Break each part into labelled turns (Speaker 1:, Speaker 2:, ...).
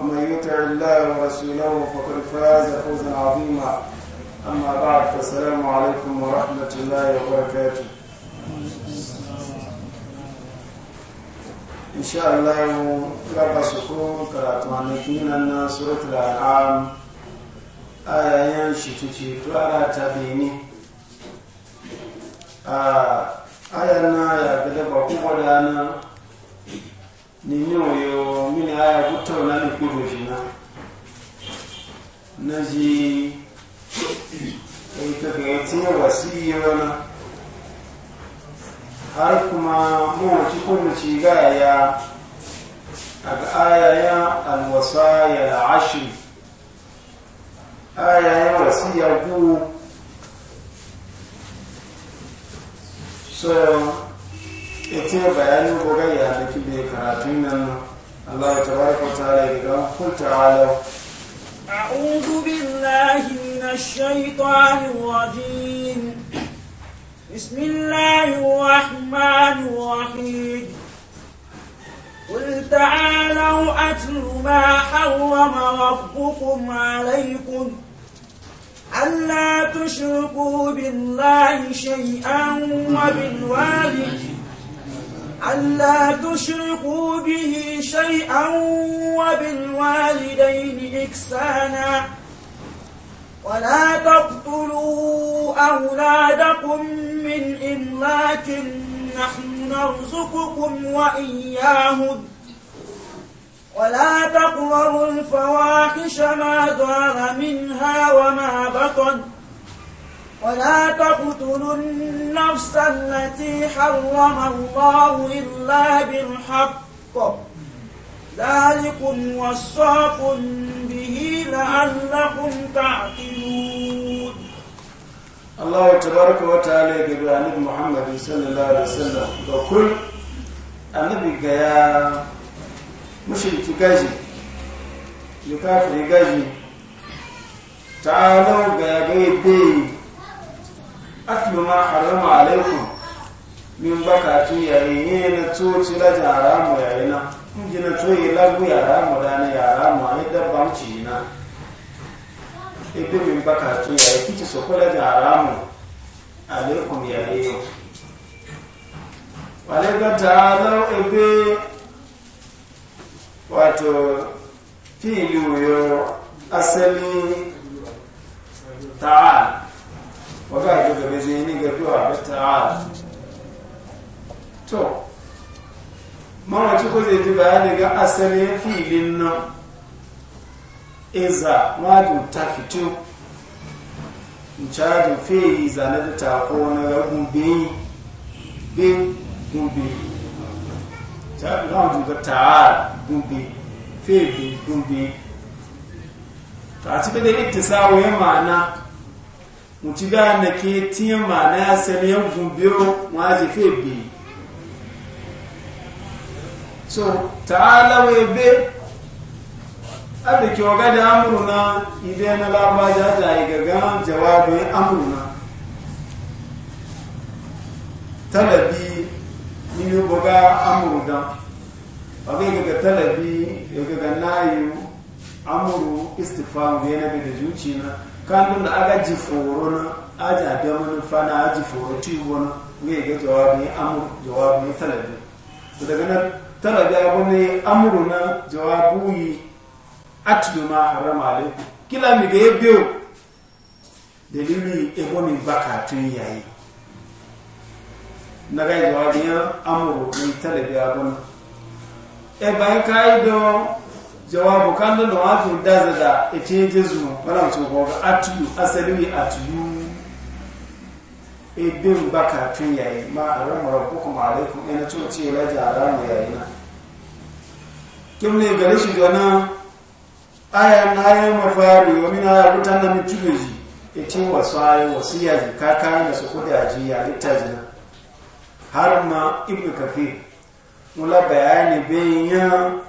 Speaker 1: ومن يطع الله ورسوله فقد فاز فوزا عظيما أما بعد فالسلام عليكم ورحمة الله وبركاته إن شاء الله رب سكون كراتوانكين أن سورة الأنعام آية ينشتتي توالا تبيني آه، آية نا يا بدبا قوة ninyoyo mini haya kutaona nikudo vina naji itakaitiya wasiyona har kuma mawaci kuma ci ya aga ayaya alwasaya ya ayaya ya ku so ita bayanin goga ya da kibe karatun nan
Speaker 2: Allah ya tabaraka wa ta'ala ya ga kul ta'ala أعوذ بالله من الشيطان الرجيم بسم الله الرحمن الرحيم قل تعالوا أتل ما حرم ربكم عليكم ألا تشركوا بالله شيئا وبالوالدين ألا تشركوا به شيئا وبالوالدين إحسانا ولا تقتلوا أولادكم من إملاك نحن نرزقكم وإياهم ولا تقربوا الفواحش ما ظهر منها وما بطن ولا تقتلوا النفس التي حرم الله إلا بالحق ذلكم وصاكم به لعلكم تعقلون
Speaker 1: الله تبارك وتعالى قبل النبي محمد صلى الله عليه وسلم وكل النبي قيا مشرك gaji يكافر gaji تعالوا قيا قيا atlu ma harama alaikum min bakatu yayi na tsoci la jaramu ya na ya na tsoyi lagu yaramu da na yaramu ani dabba mci na ibi min bakatu yayi kici so kula jaramu alaikum yayi wale ga ta'ala ibi wato fi'li yo asali taa. waga ga gaba zai ni ga a bata to mawaci ko zai ji bayani ga asalin filin nan iza wajin ta fito cajin feyi zane da ko na ragun beyi bin gumbe cajin wajin ga ta'ar gumbe feyi gumbe ta ci da ita sawo ya ma'ana mutu ga na ke tiyan ma na ya sani yan gumbiyo ma ji fe bi so ta'ala wa be a ke waga da amuruna idan na ba da ta yi gaga jawabin amuruna talabi ni ne boga amuruna ba zai gaga talabi ya gaga yi amuru istifamu yana da zuciya kanun da aga ji foro na aja da manufa na aji foro tiwo na ga ga jawabi amuru jawabi talabi to daga na talabi abu ne amuru na jawabu yi atlu ma harama alaikum kila mi ga yebio dalili ebo ni bakatun yayi na ga jawabi amuru ni talabi abu ne e bayan kai don jawabu kando na wato daza da echenje zu wala mutu ko ga atu asali atu ebin baka tun yayi ma aramara ko ma alaikum ina to ce la jara mu yayi na kim ne gare shi gana aya na ya mafari wa min aya kutan na mutuji ete wasai wasiya ji kaka na su kudaji ya littaji har ma ibnu kafir mula bayani bayan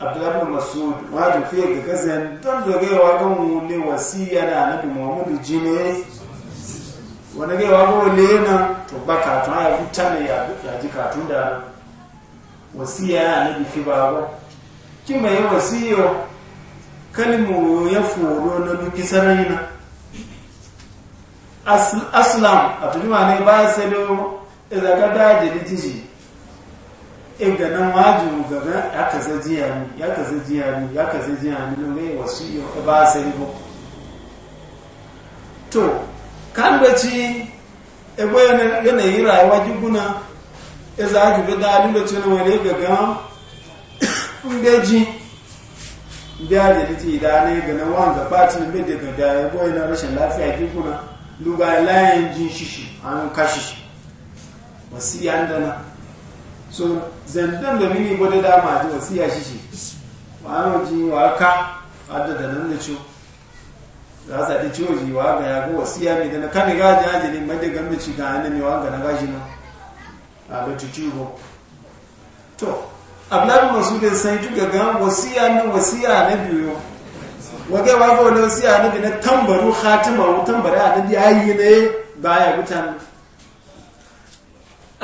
Speaker 1: abdullahi masud wajen fiye ga gazan don zagayewa ga wule wasiya da annabi muhammadu jini wani gaiwa ga wule na to ba katun ya fita ne ya ji katun da wasiya ya annabi fi ba ba kin mai wasiyo kalimu ya foro na duki sarari na aslam a tujima ne ba sai da zaga daji da jiji in e e e ga nan waju gaba ya kaza jiya ni ya kaza jiya ni ya kaza jiya ni don gai wasu iyo ka ba sai ba to kan da ci ebo yanayi rayuwa jiguna ya za ki bi dalin da ci na wani gaga in ga biya da ta yi dane ga na wanga ba ci na bai daga da ebo yana rashin lafiya jiguna luga layin jin shishi an kashi wasu yan dana so zandan da mini gwada dama ji wasiya shi shi ma'ana ji wa ka adda da nan da ciwo za a ta ciwo ji wa ga ya ga ya mai dana kan ga gaji haji ne mai da gambe ci ga hannun yawa ga na gaji na a ga ci ciwo to ablabi masu da sai duka ga wasiya wasu ya na biyu wage wa ga wani wasiya na biyu na tambaru khatima wutan bari a na biya yi ne ya gutan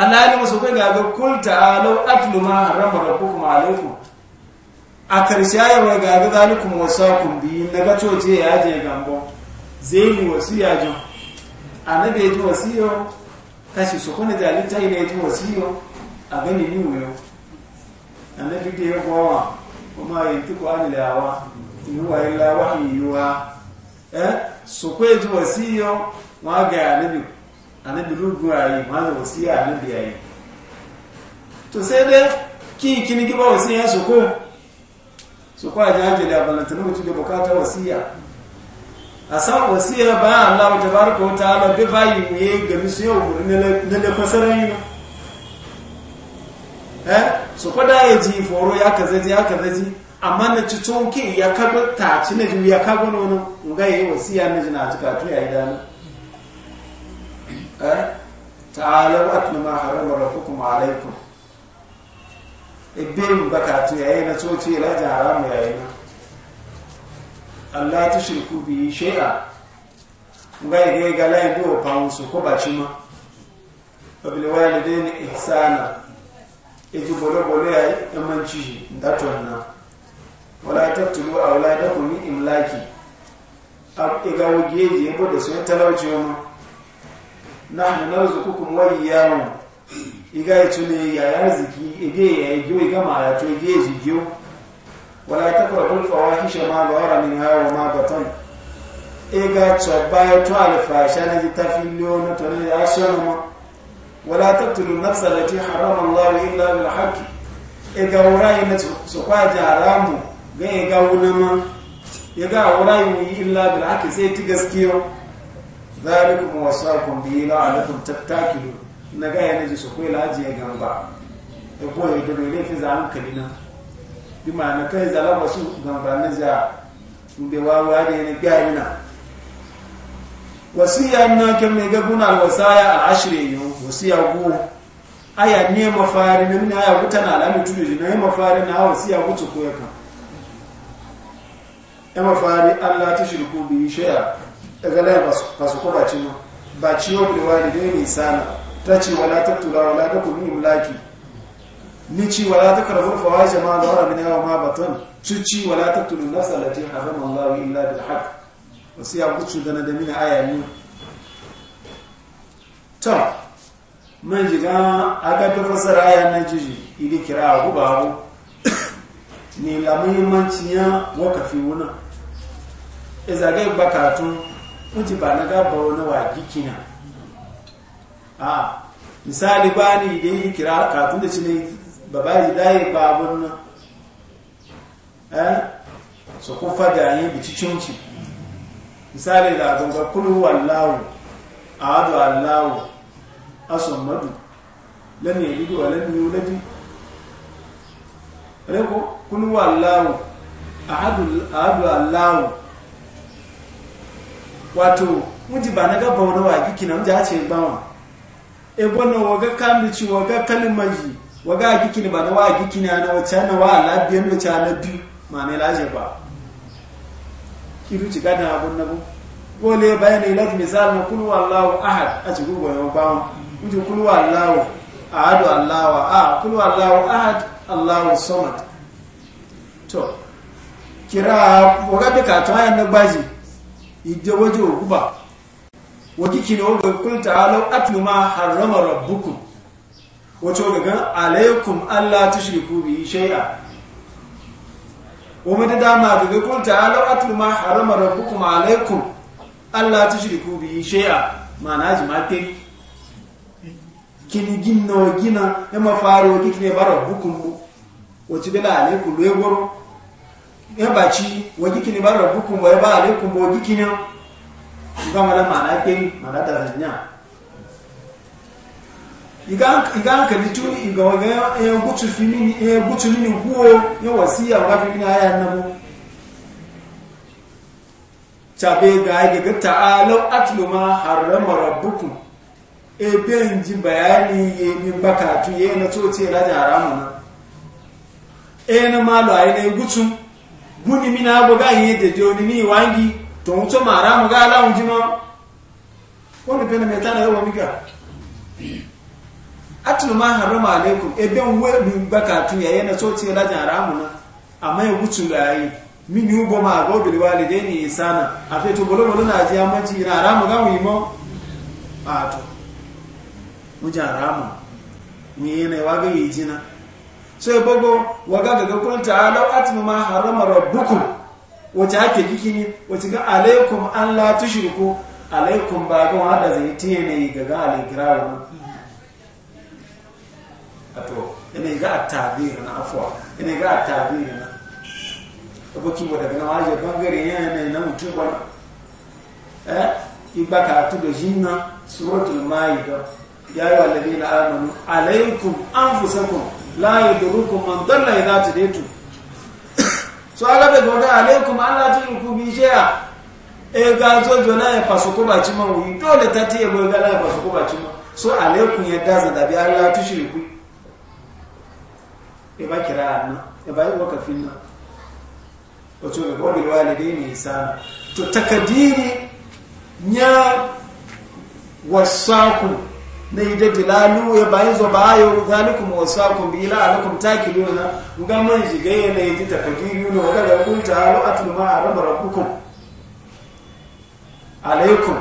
Speaker 1: alali musu kai ga ga kul ta'alu atlu ma harrama rabbukum alaykum a karshe ya wai ga ga zalikum wasakum bi daga coce ya je gambo zai yi wasiya jo annabi ya ji wasiyo kashi su kone zalita ina ya ji wasiyo a gani ni wuyo annabi da ya gowa kuma ya tuku an lawa yuwa yi wahyi yuwa eh su kai ji wasiyo ma ga annabi annabi lugu ayi mana wasiya annabi ayi to sai dai kin kin giba wasiya su ko su ko aje haje da balantana mutu da bukata wasiya a san wasiya ba Allah tabaraka wa ta'ala bi bayi mu ye gami su yau gurin na da fasaran yi eh su ko da ya ji foro ya kaza ji ya kaza ji amma na ci tonki ya kaga ta ci na ji ya kaga nono ngai wasiya na ji na tuka to ya yi dana Eh? ta'alau atlu ma harama rabbukum alaikum ibin bakatu yayina na coci raja haramu yayi na Allah tushriku bi shay'a ngai ga gala ndo paunsu ko bachima wabil walidaini ihsana eji bolo bolo yayi amanci ndatonna wala tattulu auladakum min imlaki ab igawo geje bo da sun talauci nahnu narzuqukum wa iyyahum iga itune ya yaziki ege ya ege iga ma ya to ege jijo wala taqrabu fawahisha ma dhara min hawa ma batan iga ya to alfa na jitafillo na to ne asharuma wala taqtulu nafsa allati harrama Allah illa bil haqq iga wurai na su kwaja haramu ga iga wunama iga wurai illa bil haqq sai ti gaskiya zalikum wasakum bihi la'allakum tattakilun na ga yana ji su kai laji ya gamba e ko ya dodo ne fi zan kalina bi ma na kai zala gamba ne ga wasiya na kan me ga guna alwasaya al'ashri yo wasiya go aya ne mafari ne ne aya gutana alamu tudu ne mafari na ko ya mafari Allah ta shirku bi shay'a daga lai ba su ko ba ci ma ba ci da wani dai ne sana ta ce wala ta tura wala ta kuma yi mulaki ni ci wala ta karfar fawa jama'a da wani bin yawa ma baton su ci wala ta tura nasa da ta haram illa da haka. wasu ya kucu da na da mini aya ne to man jiga a ta fasar aya na jiji idi kira a ba abu ne la muhimmancin ya wakafi wuna Ezagai bakatun wuce ba na gaba wani wagi kina a misali ba ni da yi kira kafin da ci ne ba ba yi daye ba abin nan eh su kufa da yi bici cinci misali da gunga kulu wallahu ahadu allahu asun madu a yalid wa lam yulad ko kulu wallahu ahadu ahadu allahu wato muji ba na gaba wani wagi kina muji hace bawa e gwanna waga kambici waga kalmaji waga gikini ba na wagi kina na wacce na wa labiyan da cha na biyu ma ne laje ba kiru ci gada abun na bu gole bayan ilat misal na kul wallahu ahad a ci gugu ya bawa muji kul wallahu ahadu allahu a kul wallahu ahad allahu samad to kira waga bi ka to ayan na gbaji ide waje wa guba wa kiki ne wa kun ta'ala atlu ma harrama rabbukum wato gagan alaikum allah tushriku bi shay'a wa da dama daga kun ta'ala atlu ma harrama rabbukum alaikum allah tushriku bi shay'a mana ji mate kini ginno gina ya mafaro kiki ne bara hukumu wato bila alaikum leworo ya baci wajikini ba rabbukum wa ba alaikum wajikini ga wala mana ke mana da zanya igan igan ka ditu iga waga ya gutu fini ya gutu nini huo ya wasiya ga fini aya annabu tabe ga ga ga ta'alu atlu ma harrama rabbukum e ji bayani ye min bakatu ye na toce raja haramu na e na malo ayi na gutu guni mina abo ga yi dede oni ni wangi to un to mara mo ga la un jino ko ni pena meta na yo miga atlu ma harama alaikum ebe nwe mi gba ka tu ya yana so ti e la jara mu na amma ya gutu ga yi mi ni ugo ma go bi walide ni sana afi to bolo bolo na ji ama ji na ramu ga wi mo a to mu jara mu ni yana wa ga yi jina so ya bago ga daga kun ta'ala atmu ma harama rabbukum wace ake kikini wace ga alaikum an la tushriku alaikum ba ga wanda zai tiye ne ga ga alikirawa nan ato ina ga tabir na afwa ina ga tabir na abokin wa daga nawa je bangare yana ne na mutum eh, ba eh igba ka tu da jinna suratul maida ya ayyuhal ladina amanu alaikum anfusakum la yudrukum man dalla idha tadaytu so ala be goga alaikum alla tuku bi shay'a e ga zo jo na e paso ko ba chima dole ta e goga la e paso ko ba chima so alaikum ya daza da bi alla tushriku e ba kira anna e ba waka finna wato ga gobi walidaini isana to takadiri wasa ku. na yi daga lalu ya bayan zo ba yau zalikum wasakum bi ila alakum takiluna ga man shiga yana yi takadiru ne wa ga kun ta halu atlu a arama rabbukum alaikum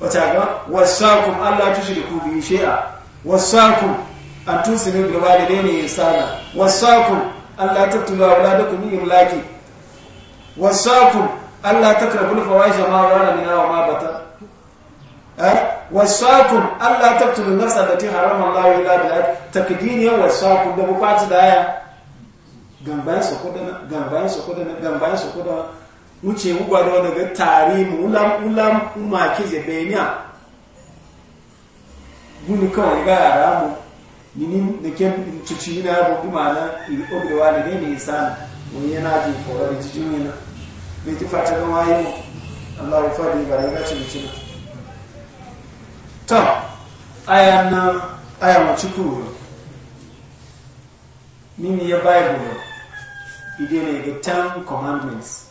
Speaker 1: wata ga wasakum Allah tushriku bi shay'a wasakum an tusinu bil sana ihsana wasakum Allah tattulu awladakum min imlaki wasakum Allah takrabul fawahisha ma wala min wa ma bata Eh? wasakum Allah taqtulu nafsa allati harama Allah illa bil haqq takdini wasakum da bukati da aya gambayan da kodana gambayan su kodana gambayan su kodana wuce ugwa da wani ga mu ulam ulam kuma ke je benya gunu kawai ga mu? nini da ke cici na yabo bi ma'ana ilobi da ne isana wani yana jin korar jijin yana bai ti fata yi wayo Allah ya fadi ga ya ci ta aya ayama aya machukwu mimi ya bible ide ne ga ten commandments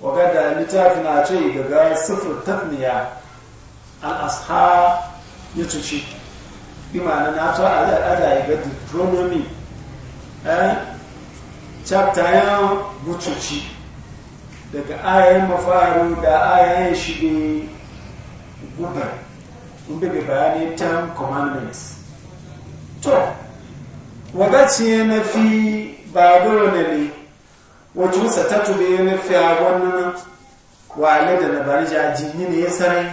Speaker 1: waga da littafi na ce daga sufur tafniya an asha ya cuci bi ma'ana na ta al'ada ya ga deuteronomy eh chapter ya bucuci daga ayan mafaru da ayan ne, gubar in bebe bayani ten commandments to wagati na fi ba dole ne ne wajen sa ta tube na fi a wannan wale da na bari jajin ne ya sarai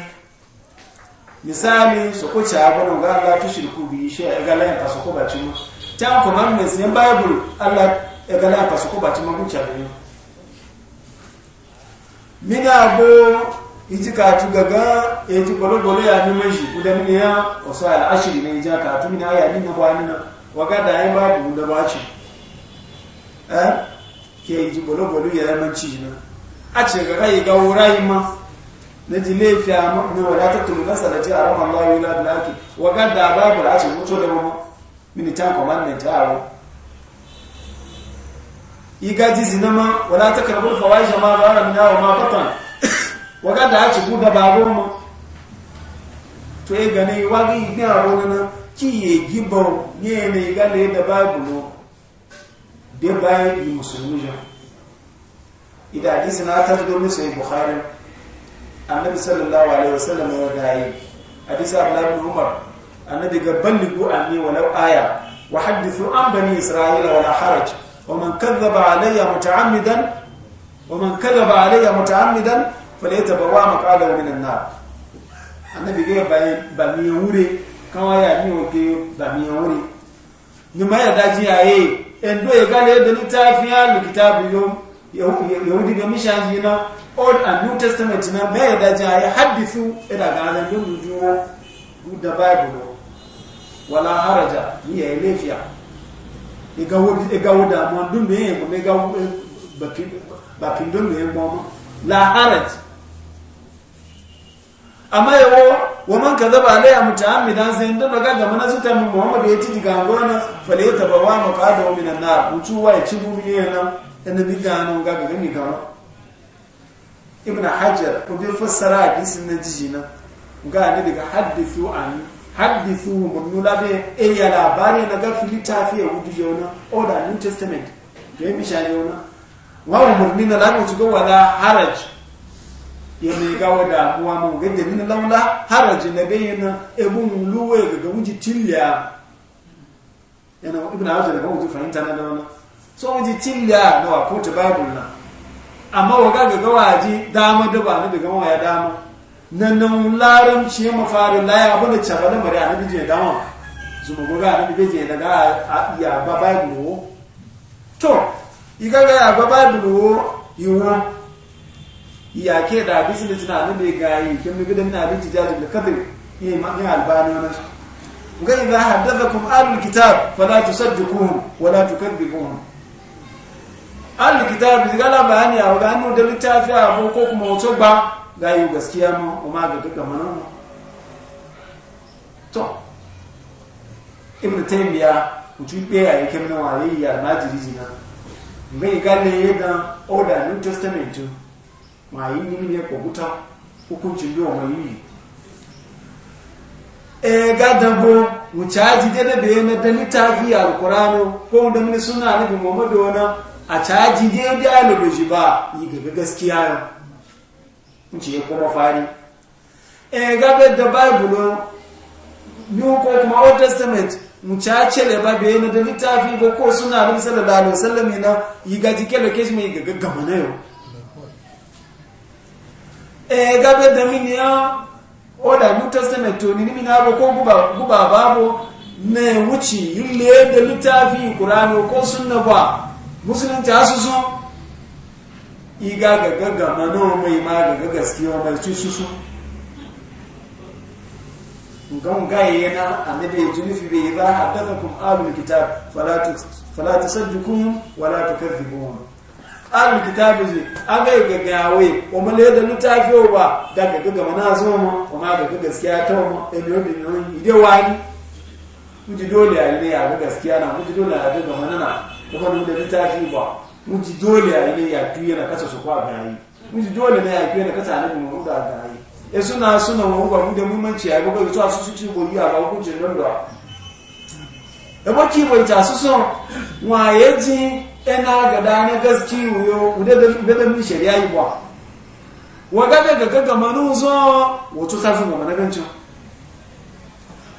Speaker 1: misali su ci abin ga Allah tu shirku bi shi a ga layin fasu ko baci mu ten commandments ne bible Allah ya ga layin fasu ko baci mu kuce ne mina abu iti tu gaga bolo-bolo ya ni mashi guda mini ya wasu ya ni ja ka tu mini ya ni na ni na waga da ya babu da ba ce eh ke bolo bolo ya yi manci na a ce ga yi gawo rayu ma na ji laifi a ta tu ga kasa da ce a ramar layu na bilaki waga da babu da a ce mutu da mama mini can commandment ya aro Iga ji zinama wala ta karbu fawaisha ma zara na wa ma patan waga da ci buga babun mu to e gane wagi ne abun nan ki ye gibon ne ne gane da babu da bayan yi musulmi jan idan hadisi na ta zo musu yi bukhari annabi sallallahu alaihi wasallam ya yi hadisi abdullahi labin umar annabi ga an anni walau aya wa haddisu an bani isra'ila wala haraj wa man kadhaba alayya muta'ammidan wa man kadhaba alayya muta'ammidan bale ta ba wa maqala min an-nar annabi ga ba mi wuri. kan ya mi o ke ba mi wuri. ni ma ya daji yaye endo ya gale da littafin ya kitabu yau yahudi ga mishaji na old and new testament na ma ya daji yaye hadithu ila ga alam bin juwo da bible wala haraja ni ya lafiya igawo damuwa dun me ya ba ba pindon me ya la haraja amma yawo wa man kadhaba alayya mutaammidan sai ndo daga ga na zuta mu Muhammad ya tiji ga ngona fale ta bawa mu qado min annar utu wa ci bu yana na dan bi ga ga ga ni ga ibn hajar ko bi fassara hadisin na jiji na ga ne daga hadithu an hadithu mun nula be e ya labari na ga filita fi ya wuji yona order new testament ga mi shari yona wa murni na lamu ci ga wala haraj yene gawa da uwa mu gende min laula haraji na bayina ebun luwe ga wuji tilya yana ibn hajar ga wuji fahimta na dawana so wuji tilya na wa kotu bible na amma waga ga gawaji dama da ba ni daga waya dama nan nan laram ci ma fara la ya bada chaba da mari anabi je dama zuma goga anabi je daga ya ba bible to igaga ya ba bible yiwa ya ke da abin da tuna abin da ya gayi kin bi da mina abin tijajin da kadri ya ma ya albani wannan ga idza hadathakum ahlul kitab fala tusaddiquhum wala tukadibuhum ahlul kitab bi gala bayani a ga hannu da littafi a ko kuma wato ba gayi gaskiya ma kuma ga duka manan to ibn taymiya mutum be ya yake mana wayayya na jirijina ngai gane yadda order new testament ma eh, yi ni ne ko buta hukuncin biyo mai yi e ga dago mu caji da da bayan da littafi alqur'ani ko da suna nabi muhammadu wana a caji da da albaji ba yi ga gaskiya yau mun ya kuma fari e eh, ga da bible ko kuma old testament muchache le babe na yi gaji eh gabe da ya oda luta toni ni mini abo ko guba guba babo ne wuci yille da littafi qur'ani ko sunna ba ta susu. iga ga gaga na no mai ma ga gaskiya mai ci susu ngam ga yana annabi ya junufi bai ba haddathakum kitab fala tusaddukum wala tukadhibuhum ahlul kitabi ji aga ga awai o ma le da lutafi o ba da ga ga mana zo mu gaskiya ta mu e no bi ya ide wani muji dole a ya na muji dole a mana na ko ba da lutafi ba muji ya tuye na kasa su kwa gayi muji dole ne ya fiye na kasa na da gayi e suna suna muhimmanci ya su yi a hukuncin don ina ga dana gaski wuyo udadan min shari'a yi ba waga daga gaga manu zo wato safin ga managan can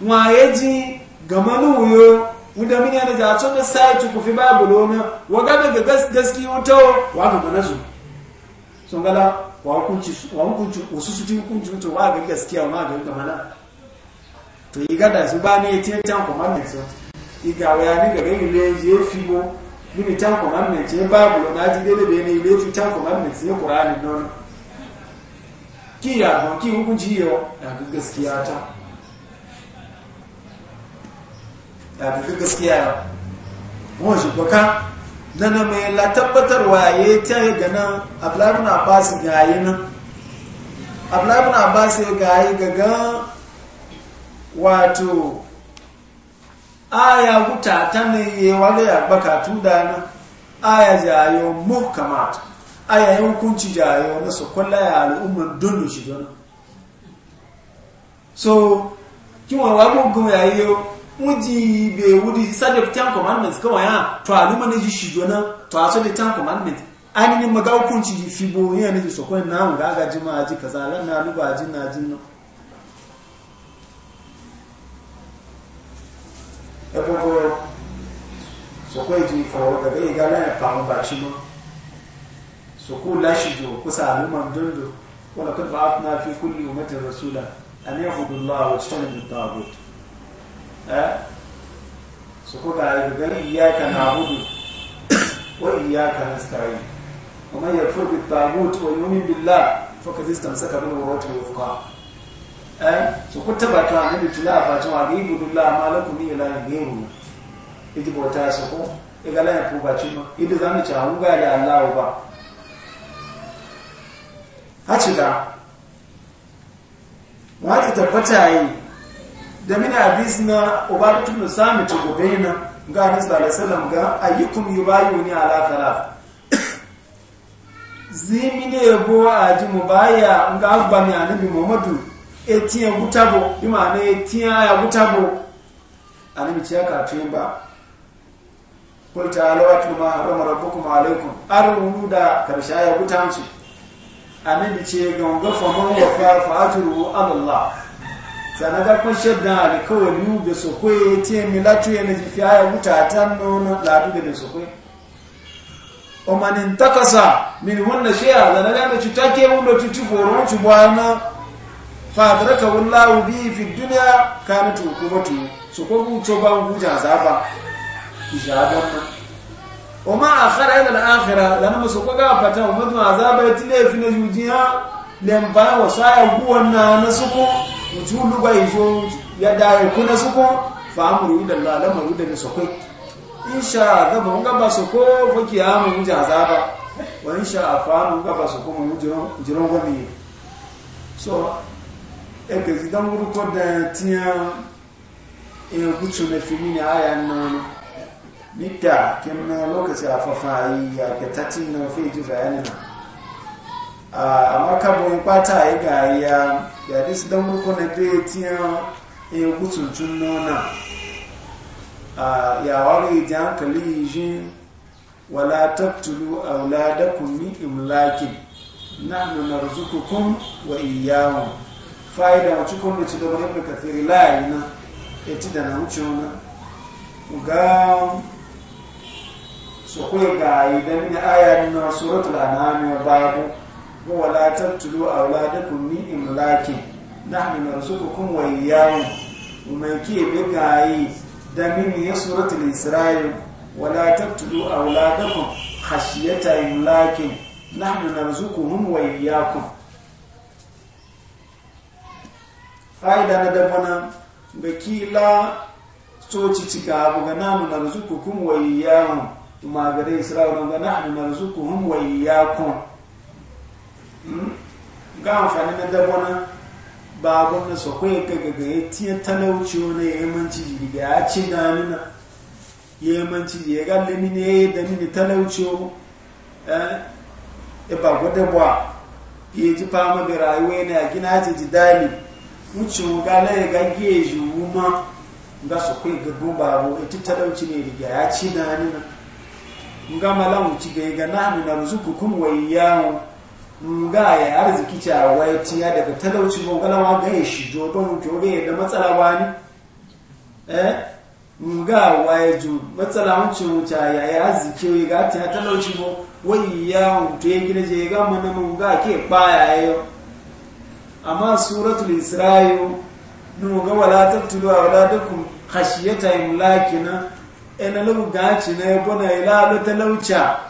Speaker 1: waye ji ga manu wuyo udadan min yana da tsoda sai ku fi babu wa waga daga gaski wato wato manazu sun gala wa hukunci wa hukunci wasu su ji hukunci to wa ga gaskiya ma ga ga mana to yi gada su ba ne tiyan can kuma ne so igawa ya ni ga ga ile je fi mo mini ten commandments yin bible na ji dele bene ile fi ten commandments yin qur'ani non ki ya ho ki hukunci yo da ga gaskiya ta da ga gaskiya mo shi baka nana me la tabbatarwa ya ta yi ga nan abdullahi abbas ga yi nan abdullahi abbas ga yi ga ga wato aya guta ta ne ye wale ya baka tuda na aya jayo muhkamat aya hukunci kunci jayo na su kwalla ya al'ummar dullu shi don so kin wa wago gun ya yo muji be wudi sadi commandments kawai ya to aluma ne shi don to aso de ten commandments an ni maga hukunci fi bo yana ji so na ga ga jima ji kaza na luba na no ebogo soko eji fawo daga iga lẹ́yìn pàwọn bàṣí mọ́ soko láṣìjò kó sàánú ma ń dundun wọn lọ́kọ́ bá tún náà fi kúlì umatin rasula a ní ọkùnrin lọ́wọ́ àwọn ṣọ́nà ní tààbò ẹ́ soko ga ìgbẹ́ iyyaka na'budu wa iyyaka nasta'in wa man yakfur bit taghut wa yu'min billah faqad istamsaka bil urwati al-wuthqa eh so ku ta annabi tula ba ta wa bi budullah malakum min ilahin ghayru idi bota so ko igala ya ku ba ci ma idi zanu ci hu ga da Allah ba haci da wa ta tabbata yi da mina hadis na ubatun sami ci gobe na ga hadis da sallam ga ayyukum yubayuni ala thalath zimine bo aji baya nga agba ni anabi muhammadu etiyan gutabo bi ma'ana etiyan ya gutabo annabi ce ya kafin ba kul ta'ala wa tu ma harama rabbukum alaikum arunu da karsha ya gutanci annabi ce gonga fa man wa fa fa'aturu Allah sana ga kun shadda alkawari da su ko etiyan milatu yana jifiya ya gutatan nono ladu da su sokwe. o man intakasa min hunna shay'a da na da cutake wudo tutu foron ci bwana fadaraka wallahu bi fi dunya kanat hukumatu so ko bu to ba ngu ja zaba ijaba o ma akhara ila al-akhirah lana musu ko ga fata o mutu azaba yatile fi na yujiya lem ba wa saya guwanna na suko mutu luga ijo ya dai kuna suko fa amru ila Allah lama ruda ni suko insha da mun ga ba suko fa kiyamu mu ja zaba wa insha afa mun ga ba suko mu jiro jiro gobi so ebe zidan wurko um da tiya ina gucu na fili ne aya nan nika kin na lokaci a fafayi ya ka tati na fi ji bayani na amma ka bo in kwata yi ga ya ya dis dan ko na be tiya ina gucu tun nona ya wari ji hankali jin wala taktulu auladakum min imlakin nahnu narzuqukum wa iyyahum fa'ida cikin da ci da wani ibn kathiri layi e na ya ci da na wuce wani ga su kai ga idan ni aya na suratul anami wa babu huwa la tabtulu awladakum min imlaki nahnu narzuqukum wa iyyahum mai ke bi gayi da mini ya suratul isra'il wa la tabtulu awladakum khashyata imlakin nahnu narzuquhum wa iyyakum fa'ida na dafana ga kila soci ga abu ga nanu na rizuku kun wa iyahun kuma ga dai isra'ila ga nanu na rizuku hun ya kun. ga amfani na dafana ba abu na sakwai kaga ga ya tiya talauci wani ya yi manci ga ya ci na nuna ya yi manci ya ga mini ya yi da mini talauci eh? ya ba gwada bwa ya ji fama ga rayuwa yana gina ji dali wucin gane ga geji wuma ga su kai ga gubaro ita talauci ne riga ya ci na ni na ga malan wuci ga ga na mu na ruzuku kun wayyawo ga ya arziki ta waiti ya daga talauci mun ga lawa ga shi jo don jo ga da matsala wani eh ga waye ju matsala wucin wuta ya ya arziki ga ta talauci mun wayyawo to ya gina je ga mana mun ga ke baya yayo amma suratul isra'il nu ga wala wala tabtulu awladakum khashyata na ina lu gaci na ya bona ila lu talauca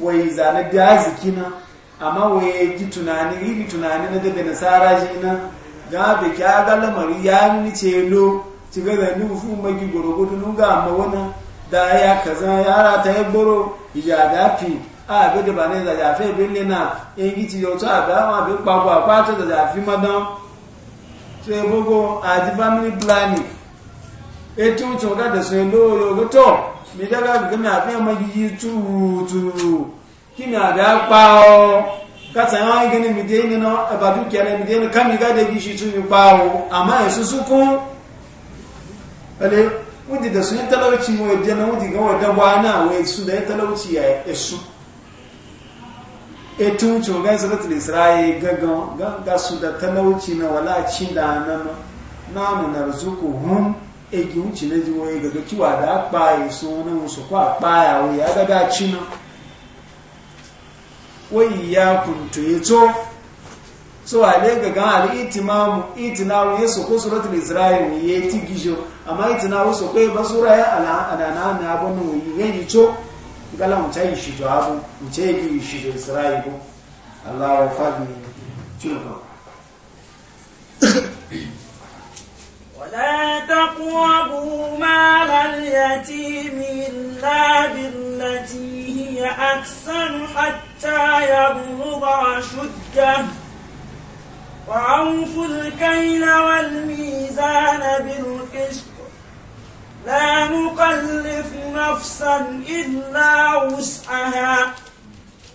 Speaker 1: wai zana biya na amma wai ji tunani iri tunani na daga nasara jina ga be kya ga lamari ya ni ce lo ci ga da ni fu magi gorogodo nun ga amma wana da ya kaza yara ta ya boro fi àgbẹ̀dẹ̀ bàdé ìdàjà fẹ́ ìbílẹ̀ náà èyí ti yọ̀tọ̀ àbẹ́ àwọn àbí papọ̀ àpáàtọ̀ ìdàjà fi mọ́dán tó yẹ gbogbo àti family planning ètò tí wọ́n kàdé sọ èlò yòókù tọ̀ mi dẹ́gbà gbẹ̀gbẹ̀ mi àfihàn mọ́ yíyí túwùtùwù kí mi àbẹ́ pa ọ́ kàtà yẹn wọ́n gẹ́ni mi dé nínú ẹ̀bàdú kẹ́lẹ́ mi dé nínú kámi gáde bí ṣe tún mi pa ọ́ àmọ́ ìṣúṣú kún ẹ̀lẹ́ wọ́n ti dẹ̀sùn yẹn tẹ́lẹ̀ ó ti mú ẹ̀dẹ́ náà wọ́n ti gẹ́wọ̀ dẹ́gbọ́ náà àwọn èṣù lẹ́yìn tẹ́lẹ̀ ó ti yà ẹ̀ṣùn etun cogan suratul isra'i gagan ganga su da talauci na wala ci da nan nanu narzuku hum egi wuce na ji waye gaga kiwa da akpaye so na ko kwa akpaya wo ya gaga ci na wai ya kuntu ya to so ale gaga al itimamu itinawo yesu ko suratul isra'i ye ti gijo amma itinawo so ko ba sura ya ala anana na abonu yi yi to gala mutai shi jo abu mutai yi shi jo isra'i ko Allah ya fadi tuka
Speaker 2: wala taqwabu mal al yatim illa billati hiya ahsan hatta yabluga shudda wa an al kayla wal mizana bil qist لا نكلف نفسا إلا وسعها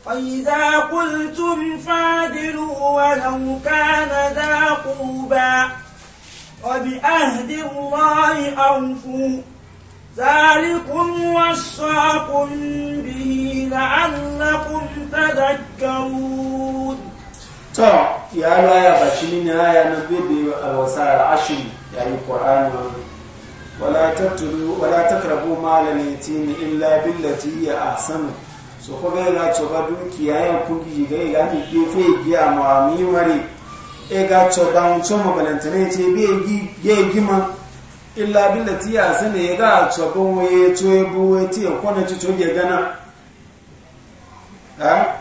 Speaker 2: فإذا قلتم فادلوا ولو كان ذا قربى وبأهد الله أوفوا ذلكم وصاكم به لعلكم تذكرون
Speaker 1: ترى يا لا يا بشرين يا نبي الوسائل العشر يعني القرآن والمسلم wala tattulu a takrabu malal yatimi illa billati hiya ahsanu so ko ga la to ba dukiya ya kungi ga ga ni be fe ya ma mi wari e ga to ba un to ma balantane ce be gi illa billati e ga to ba wo ye to e bu e ti ko na to ge gana ha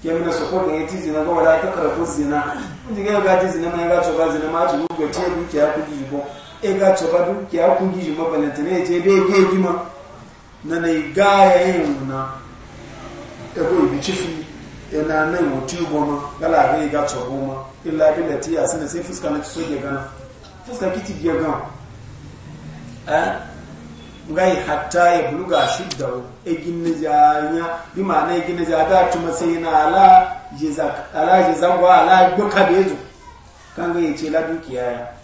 Speaker 1: ke ga ti zina ga wala takrabu zina ga ga ti zina ega chobadu ke akungi kun giji mabalanta ne je be ge gima na na gaya yin na ego ibi na na nan tubo goma gala ga ga chobu ma ila bi da ya sene se fuska na tso ga gana fuska kiti ge gana eh ngai hatta ya buluga shidda egin na janya bi ma na egin na jada tuma sai na ala je zak ala je zangwa ala gbo bezu kan ga ce la dukiya ya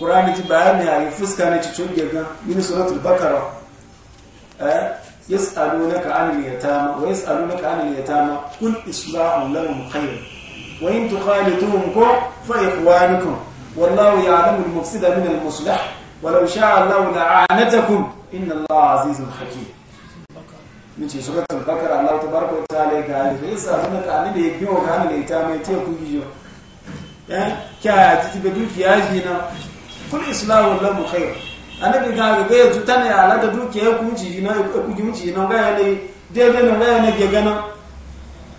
Speaker 1: قران تي بيان يا يفسك انا تي تشوجا من سوره البقره ها يسالونك عن اليتامى ويسالونك عن اليتامى قل اصلاح لهم خير وان تخالطوهم فاخوانكم والله يعلم المفسد من المصلح ولو شاء الله لعانتكم ان الله عزيز حكيم من شيء سورة البقرة الله تبارك وتعالى قال ليس هناك عن اللي يبيعوا عن اللي يتعمل يتيقوا يجوا يعني كاتي تبدو Kuli islahu lahu khair anabi ga ga ya tuta ne ala da duke ya kuji na kuji muci na ga ya ne dede na ga ya ne ga gana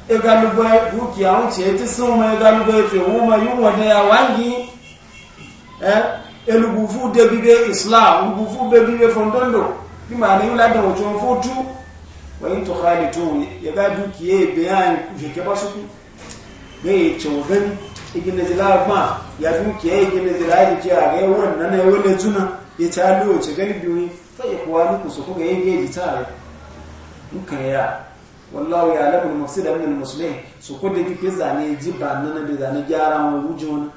Speaker 1: e ga lu ba duke ya wuce ti sun ma e ga lu ba e fe wo ma yu wa ya wangi eh elugu fu de be islam elugu fu be bibe fondondo bi ma ne la da wuce fu tu wa in tukhalitu ya ga duke ya bayan je ke ba su ku be chawgan igina zila ma ya duke ya igina zila yi ce a ga yawon nan ya wani juna ya ci hallo wace gani biyu ta ya kuwa nuku su kuka yin geji ta nukan ya wallahu ya labar masu da wani musulmi su da kike zane ji ba nan da zane gyara wa wujin wani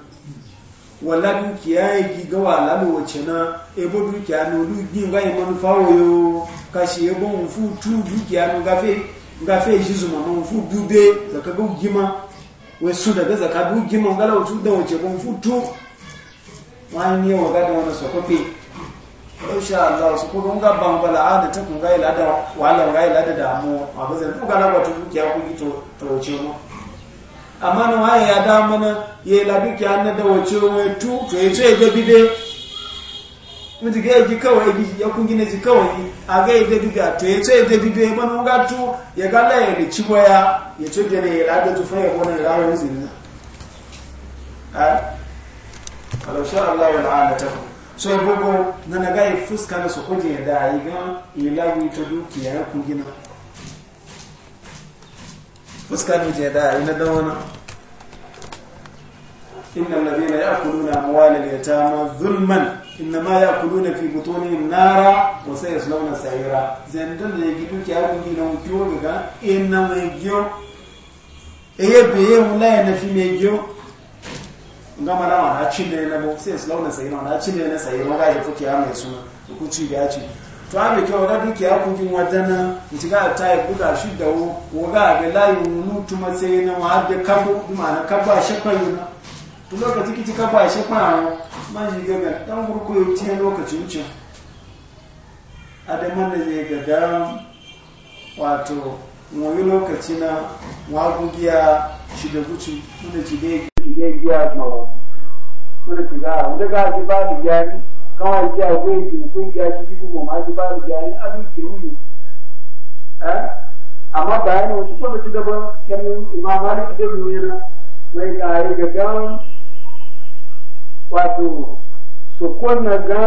Speaker 1: wala dukiya ya gi gawa lalu wace na ebo dukiya na olu gbin ga yi manufa wayo kashi ebo nfu tu dukiya na gafe gafe shi zuma na dube dube zaka gima we su daga zaka du gimon gala wucu da wuce kun futu wani ne wa gada wani sokofi insha Allah su kuma ga ban bala ada ta kun ga ila da wala ga ila da damu abu zai ku gala wato ku ya ku to to wuce mu amma no haya ya da ye ladu dukiya na da wuce we tu to yace ga bide mutu ga yaji kawai bi ya kungi na ji kawai a ga ya dabi ga to ya ce ya dabi da ya bani ga tu ya ga la ya rici waya ya ce da ne ya lada tu fa ya wani rawa ya zina a kalau sha Allah wal alata so ya bugo na na ga fuska na su kuje da yi ga ilawi ta dukiya ya kungina fuska ne je da yi na dawana إن الذين يأكلون أموال اليتامى zulman innama ya kulu na fi butoni nara wa sai yasu launa sayira zandun da ya gidu ki haku gina wukiyo daga ina mai giyo eye beye wula ya na fi mai giyo nga mara ma na cin na bo sai yasu launa sayira na cin na sayira ga ya fuki ya mai suna da ku ci ga ci to a mai kyau wadda duki ya kuki wadana mutu ga ta yi buga shi da wo wo ga ga layi wunu tuma sai na wa da kabu ma na a shakwa yuna to lokaci kici kaba shakwa man shi gaga ɗan gurku ya tiya lokacin cin adaman da zai gaga wato wani lokaci na wagugiya
Speaker 3: shi da guci wanda ci dai giya mawa wanda ci ga wanda ga ba da gyari kawai giya akwai ji kun giya shi ji goma ji ba da gyari abin ke wuyi eh? amma bayan wasu kwamiti daban kyanin imam malik da biyu yana mai ga gaga wato su kwanna ga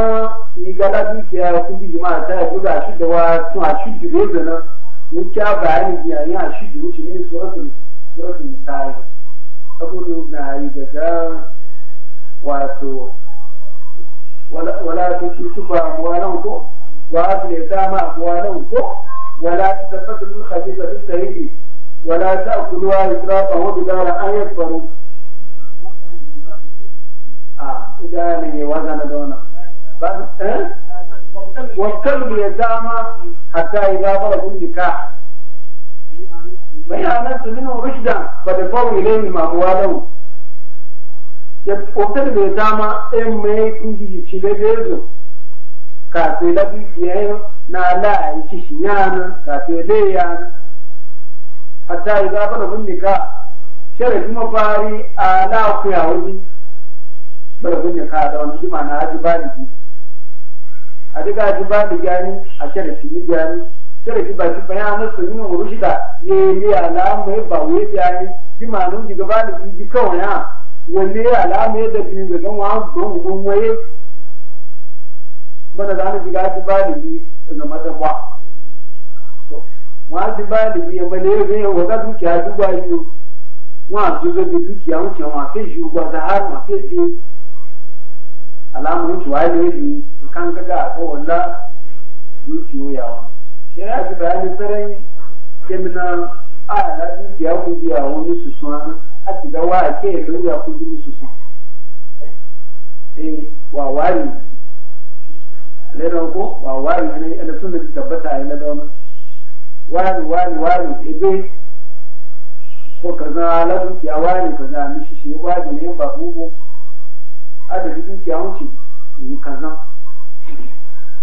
Speaker 3: yi gada dukiya kun bi jima'a ta yi ga shi da wato a shi jire da nan mun kya bayani biya yi a shi jire shi ne suratul suratul misali abudu na yi gaga wato wala ta ci sufa amwalan ko wa abu ne ta ma amwalan ko wala ta tabbatul khabisa fi tahidi wala ta akuluwa israfa wa bidara an yadbaru a gane wazana dona والكلب يزعم حتى إذا بلغ النكاح فيأنس منه رشدا فدفعوا إليهم أموالهم وكلب يزعم إما يكون يشيل kafin da dukiyayen na la shi shi yana kafin da yana hatta ya zaɓa da bindika sharafi mafari a la ya wani bin ka da wani jima na haji bi a duka haji baligi ani a sharafi ni jani sharafi ba shi bayan na sun yi wuri shida ye ye alamu ya ba wuri jani jima na wuri ga baligi ji kawai ya wanne ya alamu ya da biyu ga gan wani gbon gbon waye bana da jiga haji baligi daga madamba to ma haji baligi ya male ya gaya wa bi dukiya duba yiwu wọn àti olóbi dúkìá ń tẹ wọn àfẹsí ogun àtàhárùn alamu wuce da yadda yi to kan gaga ko walla dukiyo yawa shi ya ji bayani sarai kemina a na dukiya ku ji a wani su sun a ci ga wa ke don ya ku ji su sun eh wa wari ne ko wa wari ne ana sun da tabbata a yana da wani wani wani ebe ko kaza la dukiya wani kaza mishi shi wani ne ba bubu ada dukiya wuce ni kaza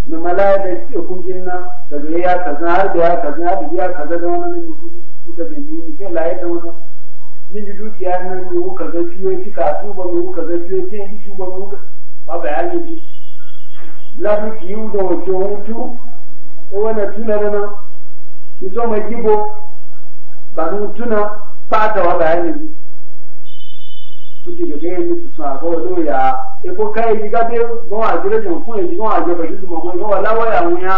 Speaker 3: da mala da kungin na da ya kaza har da ya kaza har da ya kaza da wani nan miji kuta da ni ni kai laye da wani miji dukiya na ne ku kaza fiye ki ka su ba ku kaza fiye ki ni su ba ku ba bayani ji la ku ki u da wato hutu e wannan tuna da nan ki zo mai gibo ba tuna fata wa ba ya ji sojojojin tuntun àbọ̀ olóyè à epo ká èyí gábé wọn àjẹrẹjọ fún èyí wọn àjọpọ̀ yìí mọ̀ mọ́ não láwọ̀yà wọn yá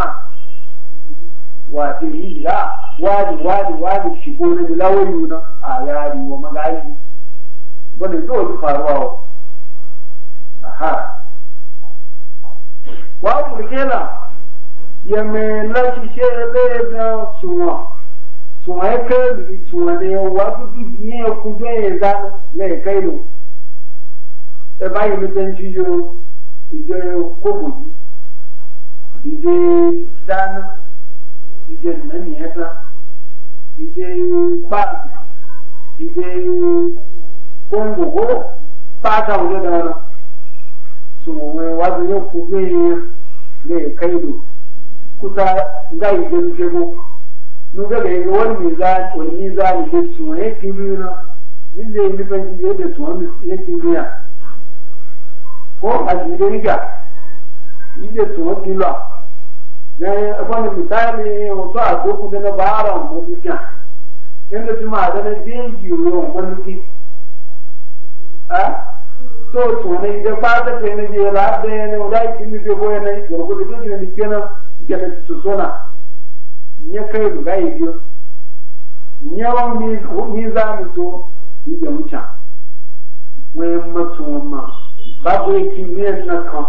Speaker 3: wà á ti não ìyá wáàdì wáàdì wáàdì ṣìkó níbi láwọ̀ yìí wọn àyà àríwọ̀ mọ́ gáàyè bọ́dẹ̀ tó o ti faruwa o wàá kùrìkẹ́là yẹmẹ̀ láti ṣe ẹlẹ́ẹ̀dá sùnwọ̀n. tuma ya e kai lulu tuma wa su ki biye ya kudu ya e za na ya e kai lo ta ba yi mutunci yo idan ko gogi idan dana idan nan ya ta idan ba idan kongo ko ba ta wuce da wani tuma wani wa su ya kudu ya na ya kai lo kusa ga idan jebo nuga ga ga yi wani mizan wani mizan da tsuwa ya nuna ni zai yi ban jiye da tsuwa ya kiri nuna ko a jide riga yi ide tsuwa kila dan abani misali ne wasu a doku da na bara mu duka inda su ma da na dingi ruwan manuki a so tsuwa ne da fata ta ne je la da ne da kin ne boye ne gurgudu ne ne kenan kenan su sona nye kai luga ibyo nye wa miza mito ije mucha we matu ma babu ki mes na kan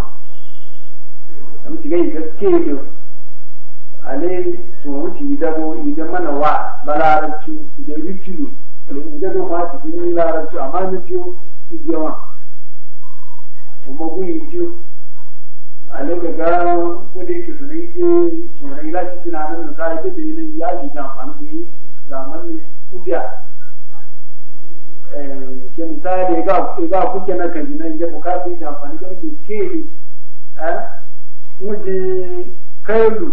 Speaker 3: amti ga ije kebyo ale to wuti idabo ide mana wa balarabci ide rikilu ide do ma ti ni larabci amma ni jo ije wa kuma guyi ji ale ka ga kudi ki su ne ke tsoron ila ki suna nan da za a yi da yanayi ya ji amfani da yi zaman ne kudiya eh, ke misali ga kuke na kan jinan ya bukatu yi amfani da yi ke eh, muji kailu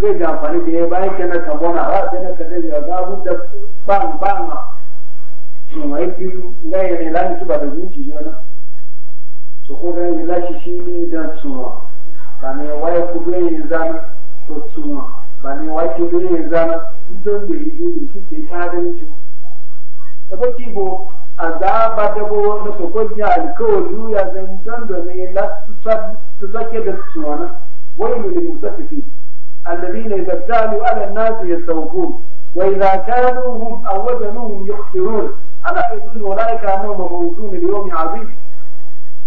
Speaker 3: zai ji amfani da ya bayan ke na kabona a sai na kadar ya ga abu da ban ban ma. Mai kiri ga yanayi lani ba da zuciya na. sokoga yi lashi shi ne dan tsuwa ba ne waye kudure yin zan to tsuwa ba ne waye kudure yin zan don da yi yi kike tarin ci da baki bo azaba da bo na sokoji alkawari ya zan don da ne la tsake da tsuwa na wailu lil mutaffifin الذين إذا ابتالوا على الناس يستوفون وإذا كانوا هم أو وزنوهم يخسرون ألا يظن أولئك أنهم موزون ليوم عظيم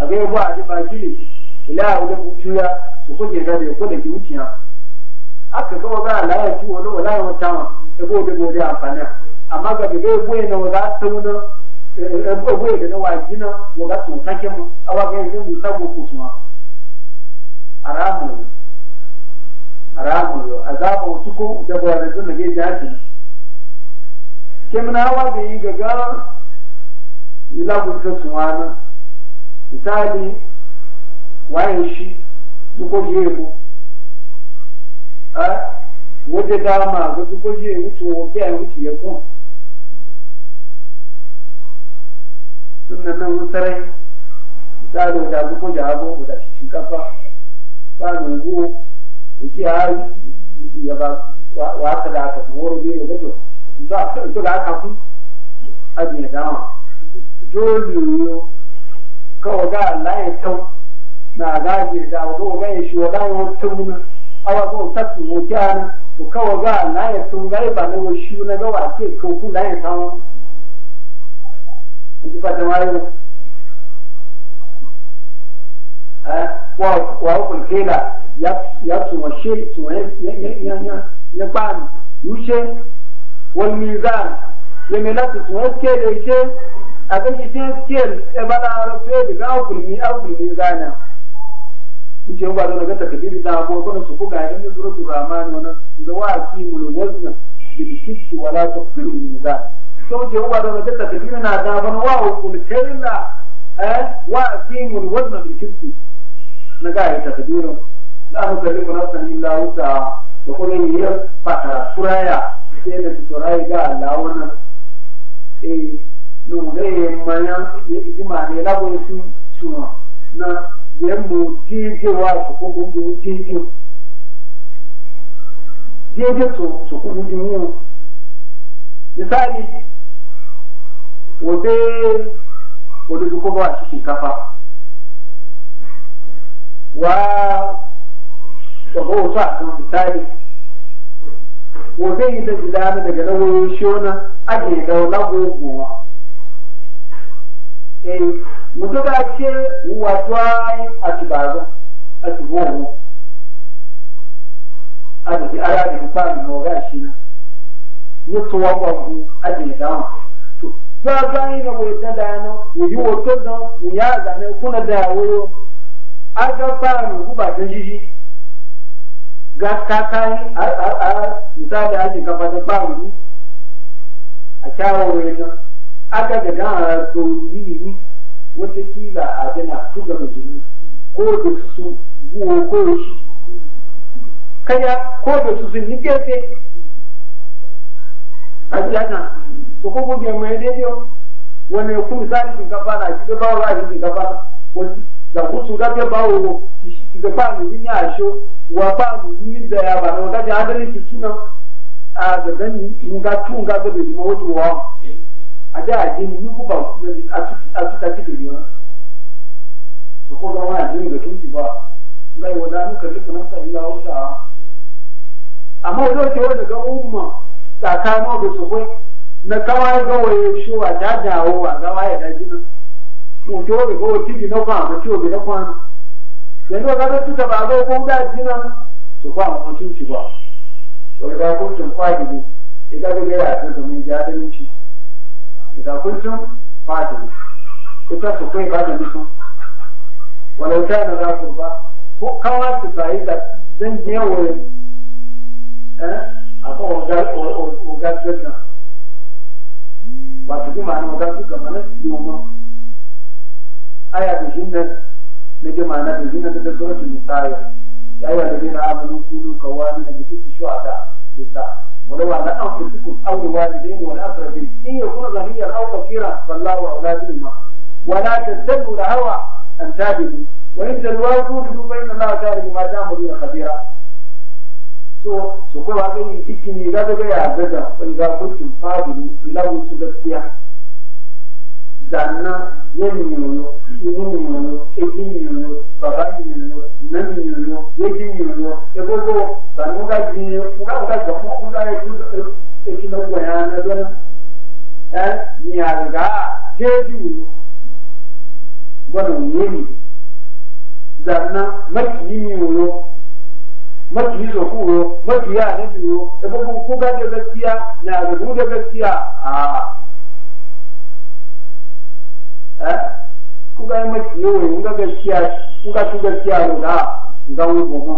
Speaker 3: a ga yabo a e ba ila a wani butuya su kuke zabe ko da kiwuciya aka ga wani alayar kiwo wani alayar tawa ya bo amfani amma ga ga yabo na wani tauna eh, eh, da na wajina wani tsotakin mu a waga ko kusuwa haramun haramun azaba wasu ko da ba da zuna ga misali waye shi zuko mu a wadda dama ga zuko je wuce wa kiyaye wuce ya kun sunan nan wutarai misali da zuko jabo guda shi shinkafa ba nungu wuce har ya ba wa ta da aka wuro bai ga to to da aka kun abin ya dama dole ne kawa ga layin tau na gaje da ko ga ya shi wada yau tun awa ko tatsu mo kyana to kawa ga layin tun ga ba na shi na ga wa ke ko ku layin tau in ji fata mayo eh, wa wa ko kila ya ya su wa shi su ya ya ya ya ban yushe wal mizan ya melatu su wa ke da shi a kan shi sai ke bala rafe da ga kulmi a kulmi gana kuce ba da ga takdiri da ko kuma su ku ga da suratu rahman wannan da wa kimul wazna bil kisti wala taqfil mizan so je ba da ga takdiri na da ban wa kul kaina eh wa kimul wazna bil kisti na ga ya takdirin da an kalli mun san illa wuta da kuma yi fata suraya sai da suraya ga Allah wannan eh n'oge mmanya imana elabwesi sụrụ na jee dị dike dị dike dike sokogogị nwụ misali wote odozukogo a cikin kafa wa tsoho a kan misali wote yi da gida daga na wurin shona ake da lagogowa eh mudo ga ce wa twai atibaro a adu di ara di pa mi no ga shi na ni to wa wa bu adi da to ga ga ni no we da da no we yi wo to no we ya da ne kuna da wo aga pa mi ku ba da jiji ga ka kai a a a misali ake kafa da ba mu a kyawawan wajen aka ga gara ne ni watakila a gana su da jini ko da su guwo ko shi kaya ko da su sun ni kefe a jana su ko gobe mai rediyo wani sa zari kafa na shi ga bawa zari kafa wani da kusu ga ga bawo shi ga ba mu yin yasho wa ba mu yi da ya ba na wadda ga hadarin ki suna a ga gani in ga tun ga ga da jima wajen wa ada addini ni kuka a suka ci da yawa su ko zama addini da tunci ba na yi wada nuka duka na sa ila wata amma zoke wanda ga umma tsakanin da su kai na kawai ya shi wa ta dawo wa gawa ya daji na mutu wanda gawa tiji na kwan amma ciwo na kwan yanzu ga zai tuta ba zai ko da jina su kwan amma tunci ba wanda ga kuntun kwadi ne idan ga ya da domin ya da minci إذا قلتم فاعدلوا كتاب سكوين قاعدة بكم ولو كان ذا قربى كواس فايدة دنجي وين أه وقال جدنا wato bi ma'ana magana su ga mana su yoma aya da shi nan na ji ma'ana da shi nan da suratul nisa'i ya yi da bin amanu kunu kawani na jikin su shu'ada lillah ولو على أنفسكم أو الوالدين والأقربين إن يكون غنيا أو فقيرا فالله وأولادهما ولا تتبعوا الهوى أن تابدوا وإن تلواه توجدوا فإن الله كان بما تعملون خبيرا so so ko ba gani kiki ne ga ga ya daga wani ga kuntum fadilu ila wusu gaskiya zanna ye minyolo inu minyolo ebi minyolo baba minyolo na minyolo yeji minyolo ebogo bani nga jini kuma kuma etu na gbɛya na dɔn ɛ nyaga jeju minyolo bɔna nye mi zanna mati yi minyolo mati yi sɔkuro mati yi ale minyolo ebogo ko ka de na agogo de bɛ kia kuga ma ki yawo nga gaskiya kuga tu gaskiya ne da nga goma gomo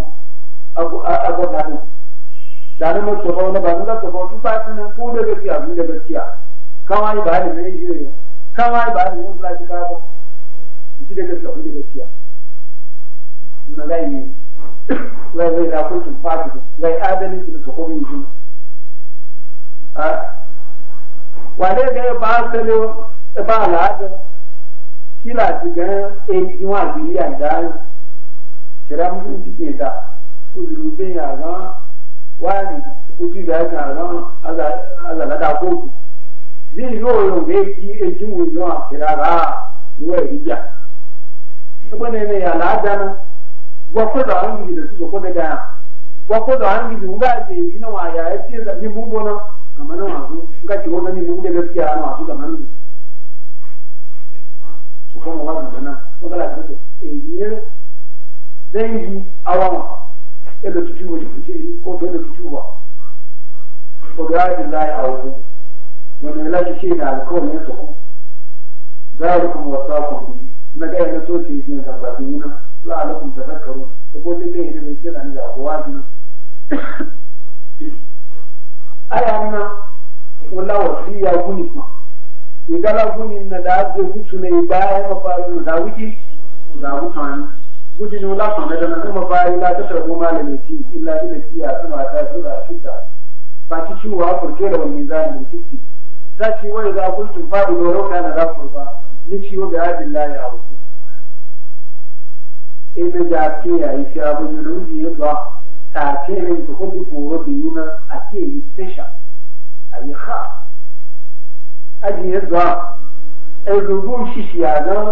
Speaker 3: ago ago da ni da ni mo ba na ba nga to ba tu pa tin ku da gaskiya mu da gaskiya kawai ba ni ne yi kawai ba ne mun lafi ka ba ki da gaskiya mu da gaskiya na ga ni lai lai da kun tun fadi lai adalin ki da su hobin ji a wale ga ba ka ne ba al'ada kila ti gan eyi wọn àgbélé àdáyé ṣẹlẹ̀ mú ti dè ta olùdókòyìn àgán wáyé ojú ìgbà ẹsẹ àgán ki kóòtù bí ìlú òyìnbó méjì ejú wo ìlú àṣírà rà wọ ìdíjà ẹgbẹ́ da na yàrá dáná gbọ́kọ́dọ̀ àwọn ìdílé sọ̀sọ̀ ko dẹ́gà yà gbọ́kọ́dọ̀ àwọn ìdílé wọn bá ṣe èyí náà wà yà ẹ tiẹ̀ ní ni bọ́ná àmọ́ náà wà fún nígbà tí wọ́n náà ní mú dẹ́gẹ́ fi àwọn àtúgbà máa ń lò. fún wa dùn náà wọn bá làbẹ tó èyí rẹ bẹ́ẹ̀ yí awa wọn ẹ lọ tutù wọn tutù kó fẹ́ lọ tutù wọn ọ̀dọ̀ ayé láyé àwọn wọn ní láti ṣe ìdá àlùkò ní ẹ̀sọ́ kọ́ báyìí kò mọ̀ sáà kò bí nàgá ẹ̀ tó ti di nǹkan gbàgbé yín náà láàlú kò tẹ̀lé kàró ẹ̀kọ́ tó lé ìdílé ṣé là ń yà wọ́ wájú náà. ayé àná wọn láwọ̀ sí ìyá ogún nìkan. igala gunin na da ado gutu na iba ya mafaru da wuki da wukan gudun wula kan da na kuma bayi la ta tarbo malami ki illa ila tiya suna ta zura shidda ba ci ciwa furke da wani zanin kiki ta ce wai za kultu fa da doro kana da furba ni ciwo ga adin la ya hu ina ja ke ya yi sha bujuru ji ba ta ce ne ko bi ko bi na ake yi tasha ayi kha ajiye zuwa ezubu shishi ya zan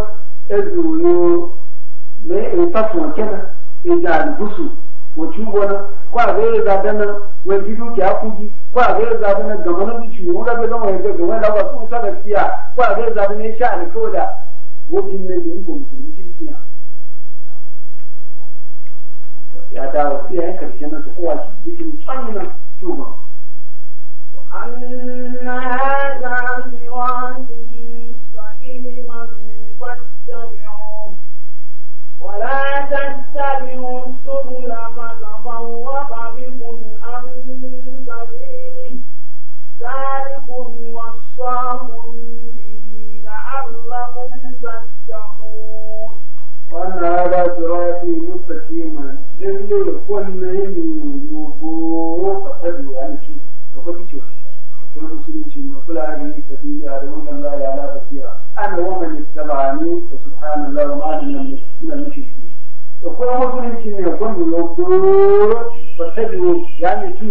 Speaker 3: ezu no me e tasu na wacce wani ko a zai da dana wani gidu ke ko a zai da dana gama na zuci bai zama yadda na da ba ko a zai da dana sha alkawda wajin na yin cikin jirgiya ya da wasu ya karshe na su kowa shi jikin tsanina shugaban
Speaker 4: أن هذا صراطي مستقيما فاتبعوه ولا تتبعوا السبل فتفرق بكم أَن سبيله ذلكم وصاكم به لعلكم تتقون وأنا
Speaker 3: على صراطي مستقيما للي كن يمين يبوط أدعو أنا شو رب العالمين سبيلا دون الله على بصيرة أنا ومن اتبعني فسبحان الله وما أنا من المشركين وكل مسلم شيء يقول يقول فتجوا يعني شو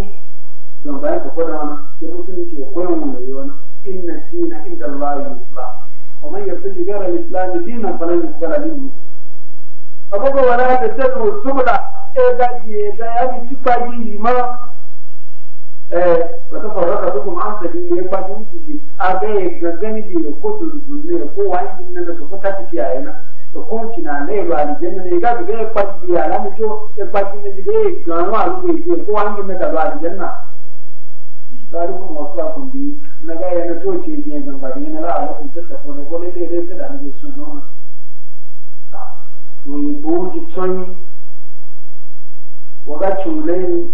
Speaker 3: لما بين تقول المسلم شيء يقول من إن الدين عند الله الإسلام ومن يبتدي غير الإسلام دينا فلن يقبل منه أبوك ولا تتبعوا السبل إذا يجب أن تتبعوا وتفرقتكم عن سبيل يبقى نجي أبي جنجني دي يقود الدنيا يقود وعندي من الناس يقود تاتي أنا يقود شنا نيرو على الجنة نيجا بيجي يقود بيا لا مشو يقود بيجي بيجي جانوا على بيجي يقود وعندي من الناس على الجنة ذلكم وصلكم بي نجا ينتوي شيء جيم بعدين لا أعرفكم تتفقون يقول لي ليس ده عندي سنون ويبوج تاني وقد شو لين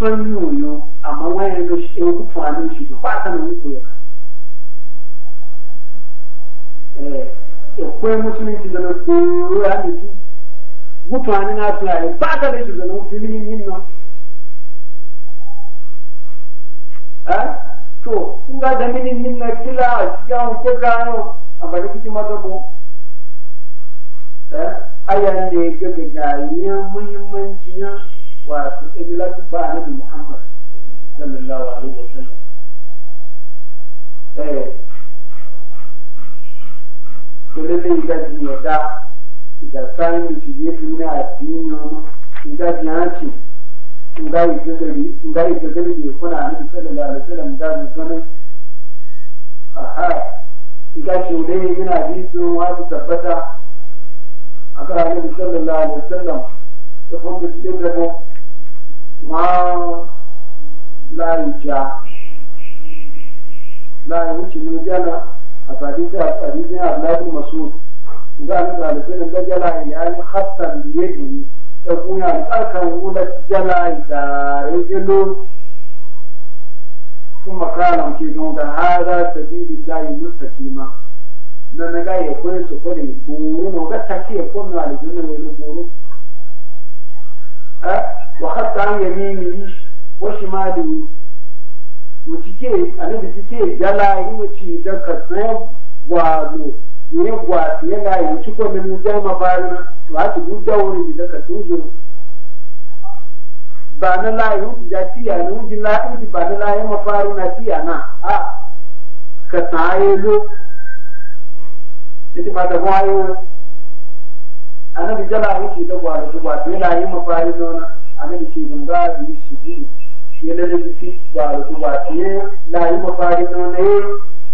Speaker 3: son yoyo amma wayan da shi yau kuka wani shi ba ta eu ku muito eh da na koyo ya mutu mutane na tulaye ba ta da shi da na filin yin nan to kun ga da minin nin a cikin ke gano a bari kiki madabo eh ayan da ya ga ga wato iblat ba nabi muhammad sallallahu alaihi wa sallam eh kulele iga di yoda iga sai mi ti yetu ne addini ono iga di anci nga igegeli nga igegeli di kuna nabi sallallahu alaihi wa sallam da mu gane aha iga ci ne yana bi sun wa tabbata aka nabi sallallahu alaihi wa sallam da kuma da cikin rabo máa láì jà láì wuce mun jana a fadita abdullahi masud ga ni da alƙalin da jala ya yi hasan biye ne da kuma alƙarkan wula jala da ya gelo sun makana ke don da hada yi layi kima, na naga ya kwaye su kwaye goro ga take kwanan aljanna ya goro وخط عن يمينه وشماله mucike annabi cike yala yi wuce da ka tsaye gwado ne gwado yana yi wuce ko min jama barna to a ti gudu wuri da ka tuzo ba na layi wuce da tiya na wuce layi wuce ba na layi mafaru na tiya na a ka tsaye lo ita ba da wayo annabi jala wuce da gwada su to yana yi mafari da wani annabi ke mun ga da yi su gudu ya da su fi gwada su to ya na yi mafari da wani ya yi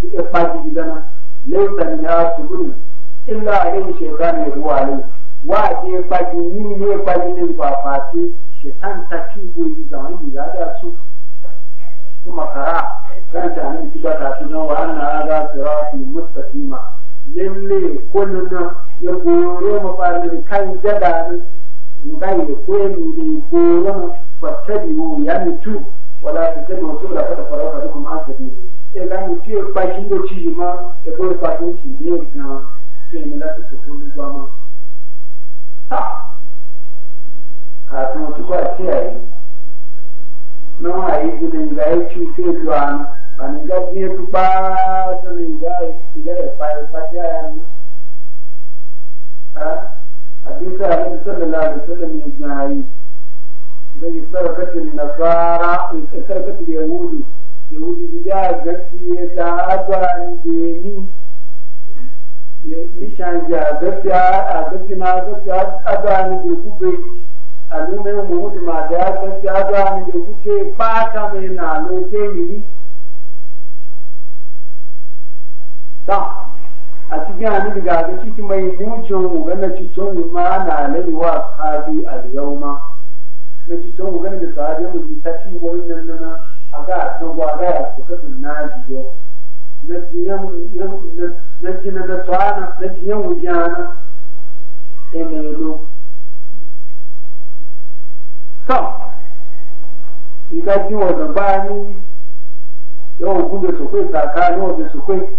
Speaker 3: suke fadi gidana laifin ya su gudu illa a yin shekaru ya ruwa ne wa ke fadi ni ne fadi ne ba fati shekan ta fi goyi da wani gida da su kuma kara kan ta nan ci ba ta tunan wa an na rafi sirati mustaqima lalle na ya gore mu farin kan jada ngai da koyi ne gore mu fattabi mu ya mutu wala fattabi mu saboda kada farauta dukum an sabi e ga mutu ya bashi da ci ma ya gore fatin ci ne ga ce mu la su kullu ba ma ha ka to su ko ce ai na wa yi gidan ga yi ci ce duwa ba ni ga biye ba sanin ga ga ba ta abin ka yi da sallallahu alaihi wasallam ya ji hayi da yi sarakatu ne nasara da sarakatu da yahudu yahudu da ya gaci ya ta agwani da ya ni ya nishan ji a gaci a gaci na gaci agwani da ya kube a nuna yin muhudu ma da ya gaci agwani da ya kuce ba ka mai na lokaci ne ta a cikin hannun ga da ciki mai mu ugana cikin ma na lai wa sahabi yau ma na cikin da sahabi mu ta ci wani nan a ga na gwada ga ya ku kasu na jiyo na jiyan na jina na tsana na jiyan wujana emelo to idan wa da bani yau gudu su kai tsakanin wa su kai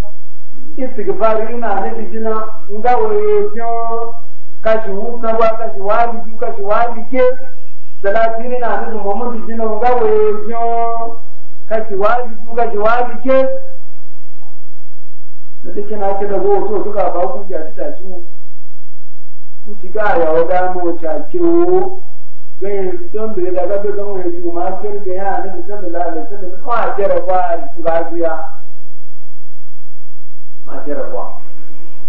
Speaker 3: istighfari ina na jina nga waye ka kashi wuta ka kashi wali ju kashi wali ke salatini na na muhammadu jina nga waye jo kashi wali da na ke da to suka ba ku ya ta shi ku ci ga ya wada mu ta ke wo don da ya daga ya ji ma ke ga na sallallahu alaihi wasallam ko masu rabuwa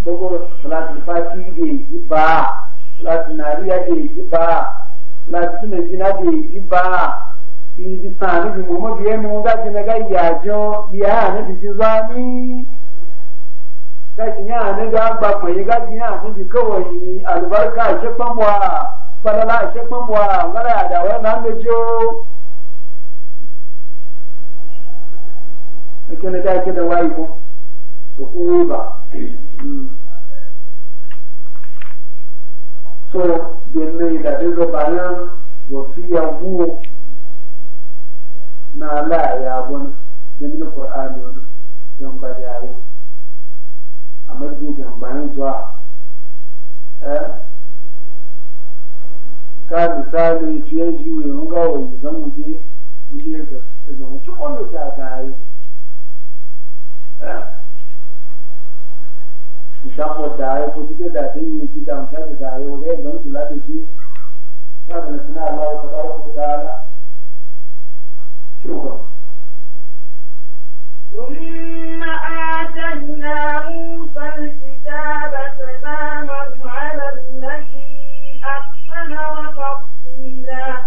Speaker 3: ko kuma salatul fati da yi ba salati nariya da yi ba salatul sunajina da yi ba san sani bi mu mabiye mu ga jina ga yajo biya na bi zani ga jinya ne ga ba ko yi ga jinya ne bi kawai albarka shi famwa falala shi famwa mara da wannan da jo kene da ke da wayi ko so over. Mm. So they made a little bayan wasiya na la ya gwani da mini a madubin bayan zuwa ka misali ciye jiwe mun ga wani ga zan ci kwallo ta شخص والداعية وفيديو داعيين من جدا وشاب الداعية وغير من لا تجي هذا من سماع الله تبارك وتعالى شكرا
Speaker 4: ثم آتينا موسى الكتاب تماما على الذي أحسن وتفصيلا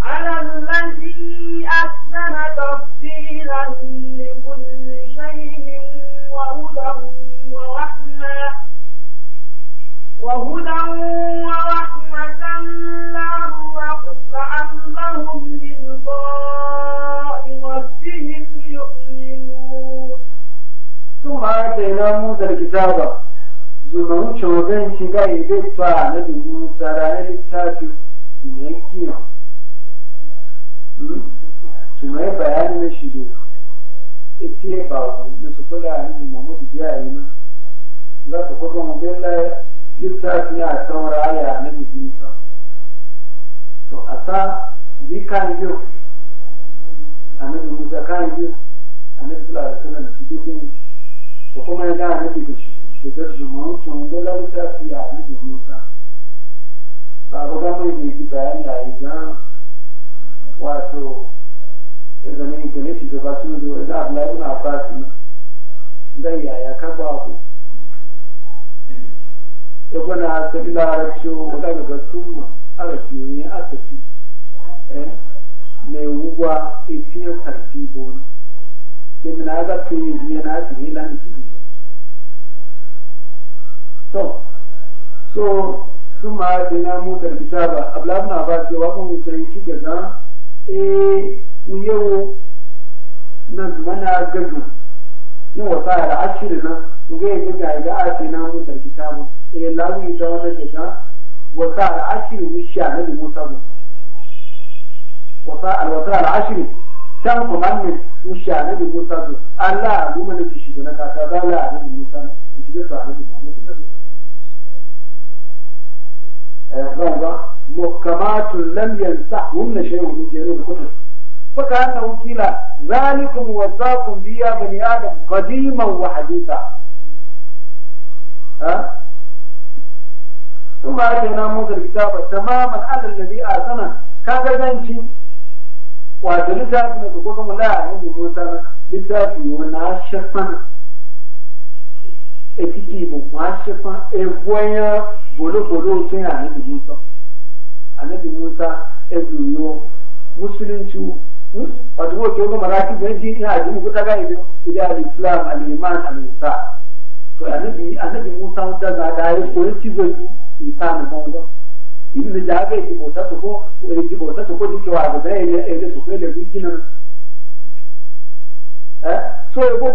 Speaker 4: على الذي أحسن تفصيلا وهدى ورحمة لعلهم بلقاء ربهم يؤمنون
Speaker 3: ثم آتينا موسى الكتاب zumanu cogan shiga ibe ta na dubu tsara na littafi zumai kiyo zumai bayani na shido ita ba na su kula a hannun mamadu biya yi na za su kuka mu bin littafi a taura ya na bisa to a sa zikan biyu a na musa kan biyu a na bisa da sanar ci dubin to kuma ya gana na daga shigar zumun tun dala littafi a na musa ba ba ga gama yi mai da yi bayani a yi gan wato irganin ganin shugaba sun zo da abu na abbas zai yaya kan ba ku egona sabila arabsho wadaga ga summa arabsho ne a tafi eh? mai wugwa etiyar tartibo na ke mina ga to ne na ta yi lan kidi to so kuma dina mu da kitaba ablabna ba ce wa kun sai kike ga eh uyewo nan mana yin da ashirin mu ga ga ga a ce na mu da kitaba e lawu ita wata kika wasa al'ashiri wisha na da mota mu wasa al'wasa al'ashiri can kumannin wisha na da mota mu Allah goma da shi na kasa da Allah da mota mu shi da tare da mu da eh ba محكمات لم ينسحهن شيء من جرير الكتب فكأنه قيل ذلكم وصاكم به يا بني آدم قديما وحديثا ها sun ba ake na da karfita ba tamaman alal a asana kaga zanci wato littafi na su kuka mula a yanzu na littafi na shafan ekiki bu ma shafan egoya bolo-bolo tun ya musa a annabi musa zuyo musulunci wato ko ke goma rafi da yanzu ina ji muku ta gani idan al-islam al-iman al-isa to annabi annabi musa da da ya koyi cizo itana mondo ibn jaga e bota to ko e di ko so da da mina no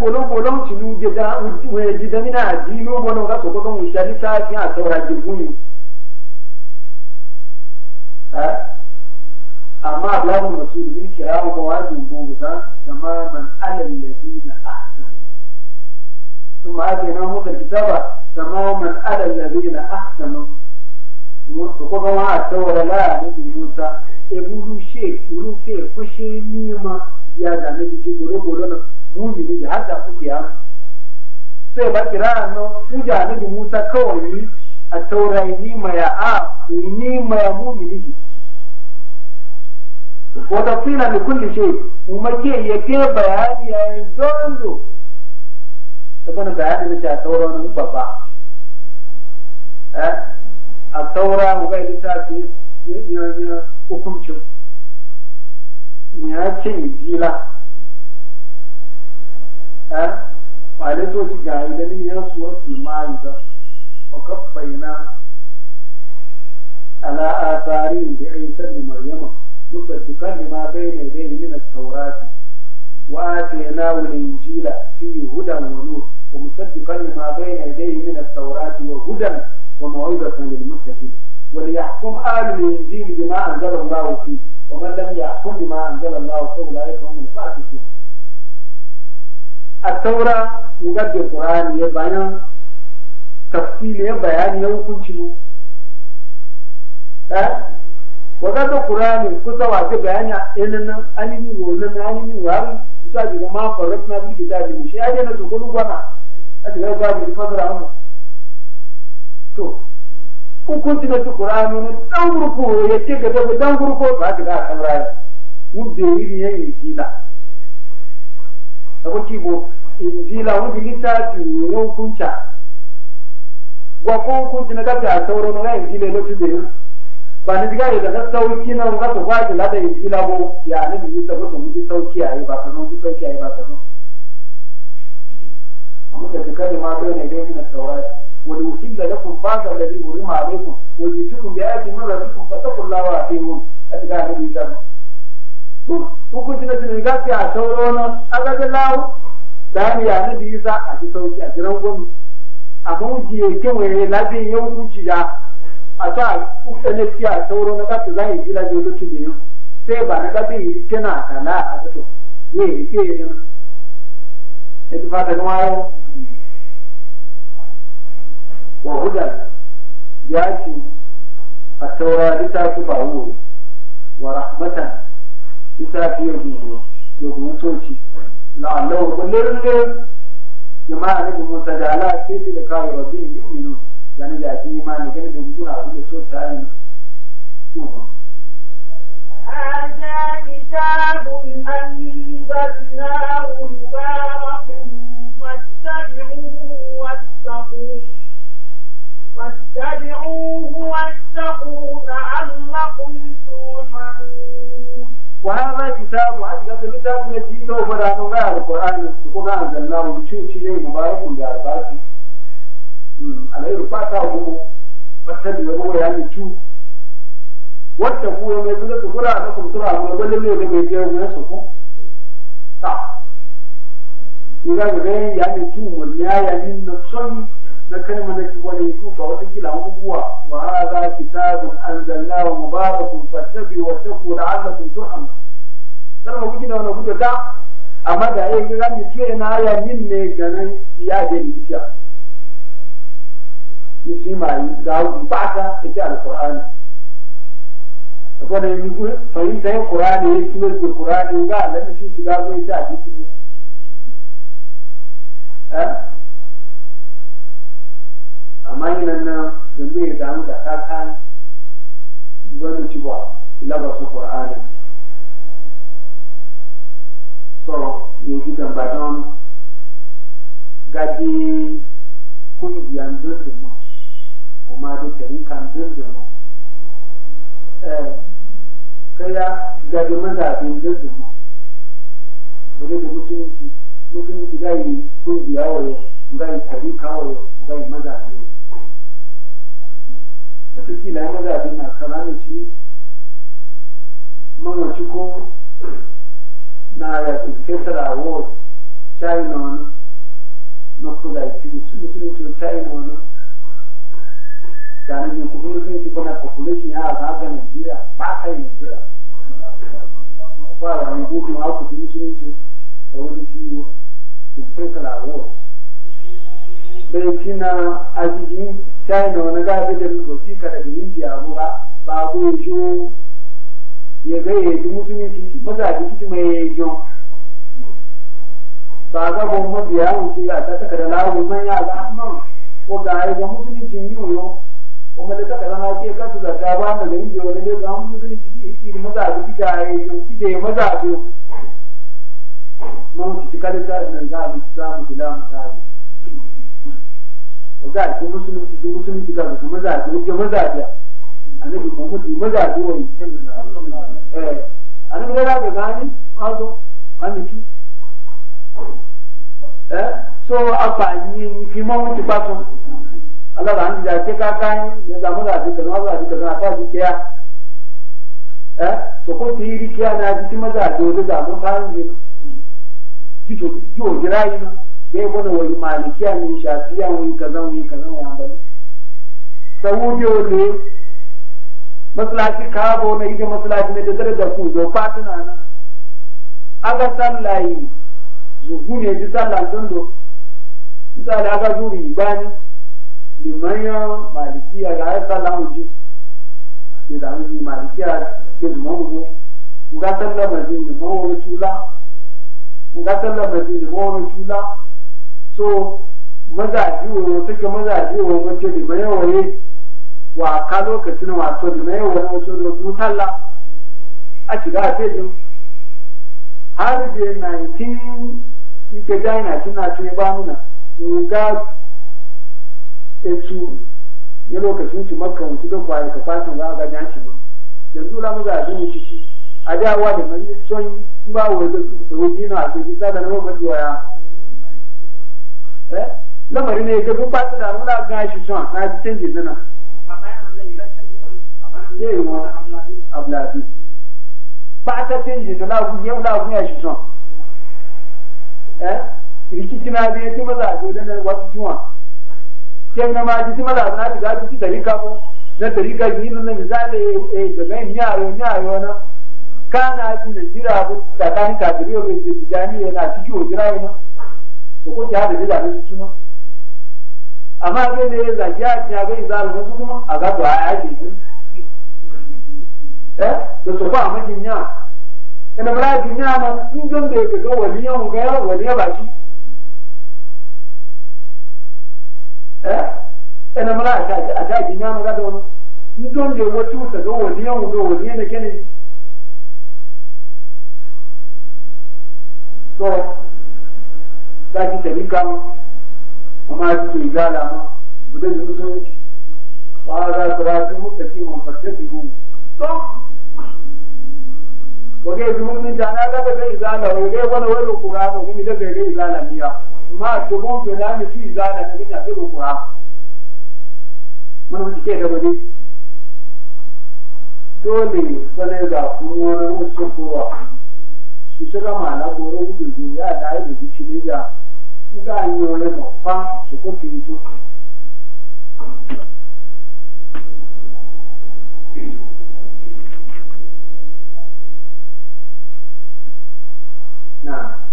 Speaker 3: bono ga so ki a to ji buni amma ablahu rasul alal ladina ah ثم آتينا موسى الكتاب تماما على الذين أحسنوا وقال ما أتولى لا نبي موسى إبولو شيء إبولو في فشي نيما يا دامي جي بولو بولونا مومي نجي حتى فكي عام سوى باكرا أنه وجا نبي موسى كوني أتولى نيما يا آب آه، ونيما يا مومي نجي وتفصيلا لكل شيء وما كي يكي بياني يا دوندو تكون بعادي بتاع الثورة وانا مبابا الثورة وقال لسا في يحكم شو نياتي جيلا وعليت وجي قايدة من ياسوة المعيدة وكفينا على آثارين بعيسى لمريم مصدقا لما بين يديه من التوراة وآتيناه الإنجيل فيه هدى ونور ومصدقا لما بين يديه من التوراة وهدى وموعظة للمتقين وليحكم آل الإنجيل بما أنزل الله فيه ومن لم يحكم بما أنزل الله فأولئك هم الفاسقون التوراة مجد القرآن يبين تفصيل بيان يوكن شنو ها وقد القرآن كتب على بيان إننا أنني وإننا أنني وإننا أنني وإننا أنني في أنني وإننا أنني تقولوا بنا ati ga babu fadra mu to hukunci da qur'ani ne ɗan gurko ya ce ga da ɗan gurko ba ta ga kan rayu mu da yiri ya injila akwai kibo injila wani littafi ne hukunta wa ko hukunci na gafi a sauran na injila lokacin da yi. ba ni diga da ga sauki na ga su ba yin injila bo ya ne yi ta ba su mu sauki ayi ba ka mu sauki ayi ba ka muka ji kada ma bai ne dai min tawrat wa li uhilla lakum ba'd alladhi urima alaykum wa yutikum bi ayati min rabbikum fattaqullaha wa atiyun atiga hadu ilam su hukunci na jinin a sauro na agajin lawo da ni ya nabi isa a ji sauki a jiran gwamnati amma wuce ya kewaye labin yankunci ya a ta kuka na fiya sauro na yi gila da yau sai ba na kafin yi a ya yi E ti fate yau. Wa hudan ya ce a taura littafi ba wa rahmata littafi ya gudu ya gudu soci la'allahu kullum ne jama'a ne mun ta da ala sai da kawo rabbin yu'minu yani da ma, imani gani da gudu na gudu so ta yi tuba
Speaker 4: هذا كتاب أنزلناه مبارك فاتبعوه واتقوا فاتبعوه واتقوا لعلكم ترحمون
Speaker 3: وهذا كتاب أجل كتاب نجيته فرانو غير القرآن سكون أنزلناه بشيء شيء مبارك بأرباك عليه رفاته هو فاتبعوه يعني شو wata kuwa mai zuwa ka gura a kasar tura mai wani ne da mai biyar wani su ku ta ira ga ganin ya ne tu murniya ya min na son na kalma na ki wani ku wata kila abubuwa wa hadha kitabun anzalnahu mubarakun fattabi wa taqu la'allakum turham kalma kuki na wannan kuka da amma da yayin e ga ni tuye na ya min ne ganin ya da likiya ni shi mai ga ba ta ita alqur'ani ko da ni ku fa yi sai qur'ani ne kuma qur'ani ga da shi shiga ko ita hadisi amma yi nan nan yanzu ya damu da kakan gwani ci ba ilaba su qur'ani so yanzu dan ba don gadi kungiyan dindinmu kuma da tarikan dindinmu eh, kaya gadi mazabin dindinmu wani da mutunci dokin igayi kungiya wayo ngayi tarika wayo ngayi mazaje wayo watakila ya maza mazaje na karani ci mamaci ko na ya tukkesara wo china wani na kuda ki musulunci na china wani da na yin kuma musulunci kuma population ya zaga nigeria ba ta yi nigeria ba da wani gudu ma ku musulunci da wani ciwo pekala wo bai cina ajiji china wani gabi da rubuti ka daga india mu ba ba ku yi jo ya ga ya ji musulunci maza da kici mai ya yi ba ga biya mabiya wuce ya ta taka da lawo man ya ga ahmar ko ga ya ga musulunci yi yo o ma da taka da ma ke kasu da ga ba na da india wani da ga musulunci ki isi maza da kici ya yi jo kici maza da mun ci kada ta nan za mu za mu bila mu sai ko ga ko musulunci ko musulunci ga ko maza ko ga maza ya annabi Muhammad maza ko wai eh annabi ya eh, so apa ni fi mun ti pato Allah ran da ke ka kan da zamu da na za duka na ta duka ya eh so ko tiri kiya na duka maza dole da mu kan jiwo jirayi na bai mana wani malikiya ne shafiya wani kaza wani kaza wani ambali sawu biyo ne masalaci kabo na ita masalaci na da da ku zo fatina na aga sallayi zuhu ne ji sallah dondo misali aga zuri ibani limanyan malikiya ga ya sallah uji ne da malikiya ke mu ko ga sallah mazin liman wani tula nga tallama ti de wani tula so maza ji woro take maza ji woro mace ne mai yawaye wa ka lokacin wato da mai yawaye wato da mutalla a shiga a fejin har da 19 ike jaina tana tun ba nuna nga etu ya lokacin shi makka wuce don ba ka kafatin za a ga jan shi ba yanzu la a ji mu shi adawa da mai son ba wa rubi na a cikin sada na mamman doya eh? lamari ne ga duk ba su da mula ga shi son na ji canjin nana
Speaker 4: zai ma
Speaker 3: ablabi ba ta canjin na lagun yau lagun ya shi son rikici na biyan ti maza a jodan na wasu ciwon kyan na ma ji ti maza na shiga ciki dari kafin na dari kafin yi nuna misali ga gani yayo yayo na kana ji da jira bu tsakanin kafiri yau bai zai jami yana ciki o jira yana to ko ki da jira da su tuno amma ga ne zaki ya ci bai za su kuma a ga to a yi eh da so ba majin jinya ina mara jinya na in don da ga waliyan ga ya ba shi eh ina mara a ta jinya na ga da wani in don da wato wata ga waliyan ga waliya ne kenan so ta taki tabi kan kuma su yi gala ma su da su sun ba za su rasu mu tafi mu fatta mu so wage ji mun da na ga ga izala wage wani wani kura mu mun da ga izala miya ma to mun ke da ni ci izala ne ga ga kura mun mun ke da bade dole sanar da kuma wani musu kura isoro amala gworo wululu ya da ibe bi chile ya nga anyo ole mo pa soko pinto na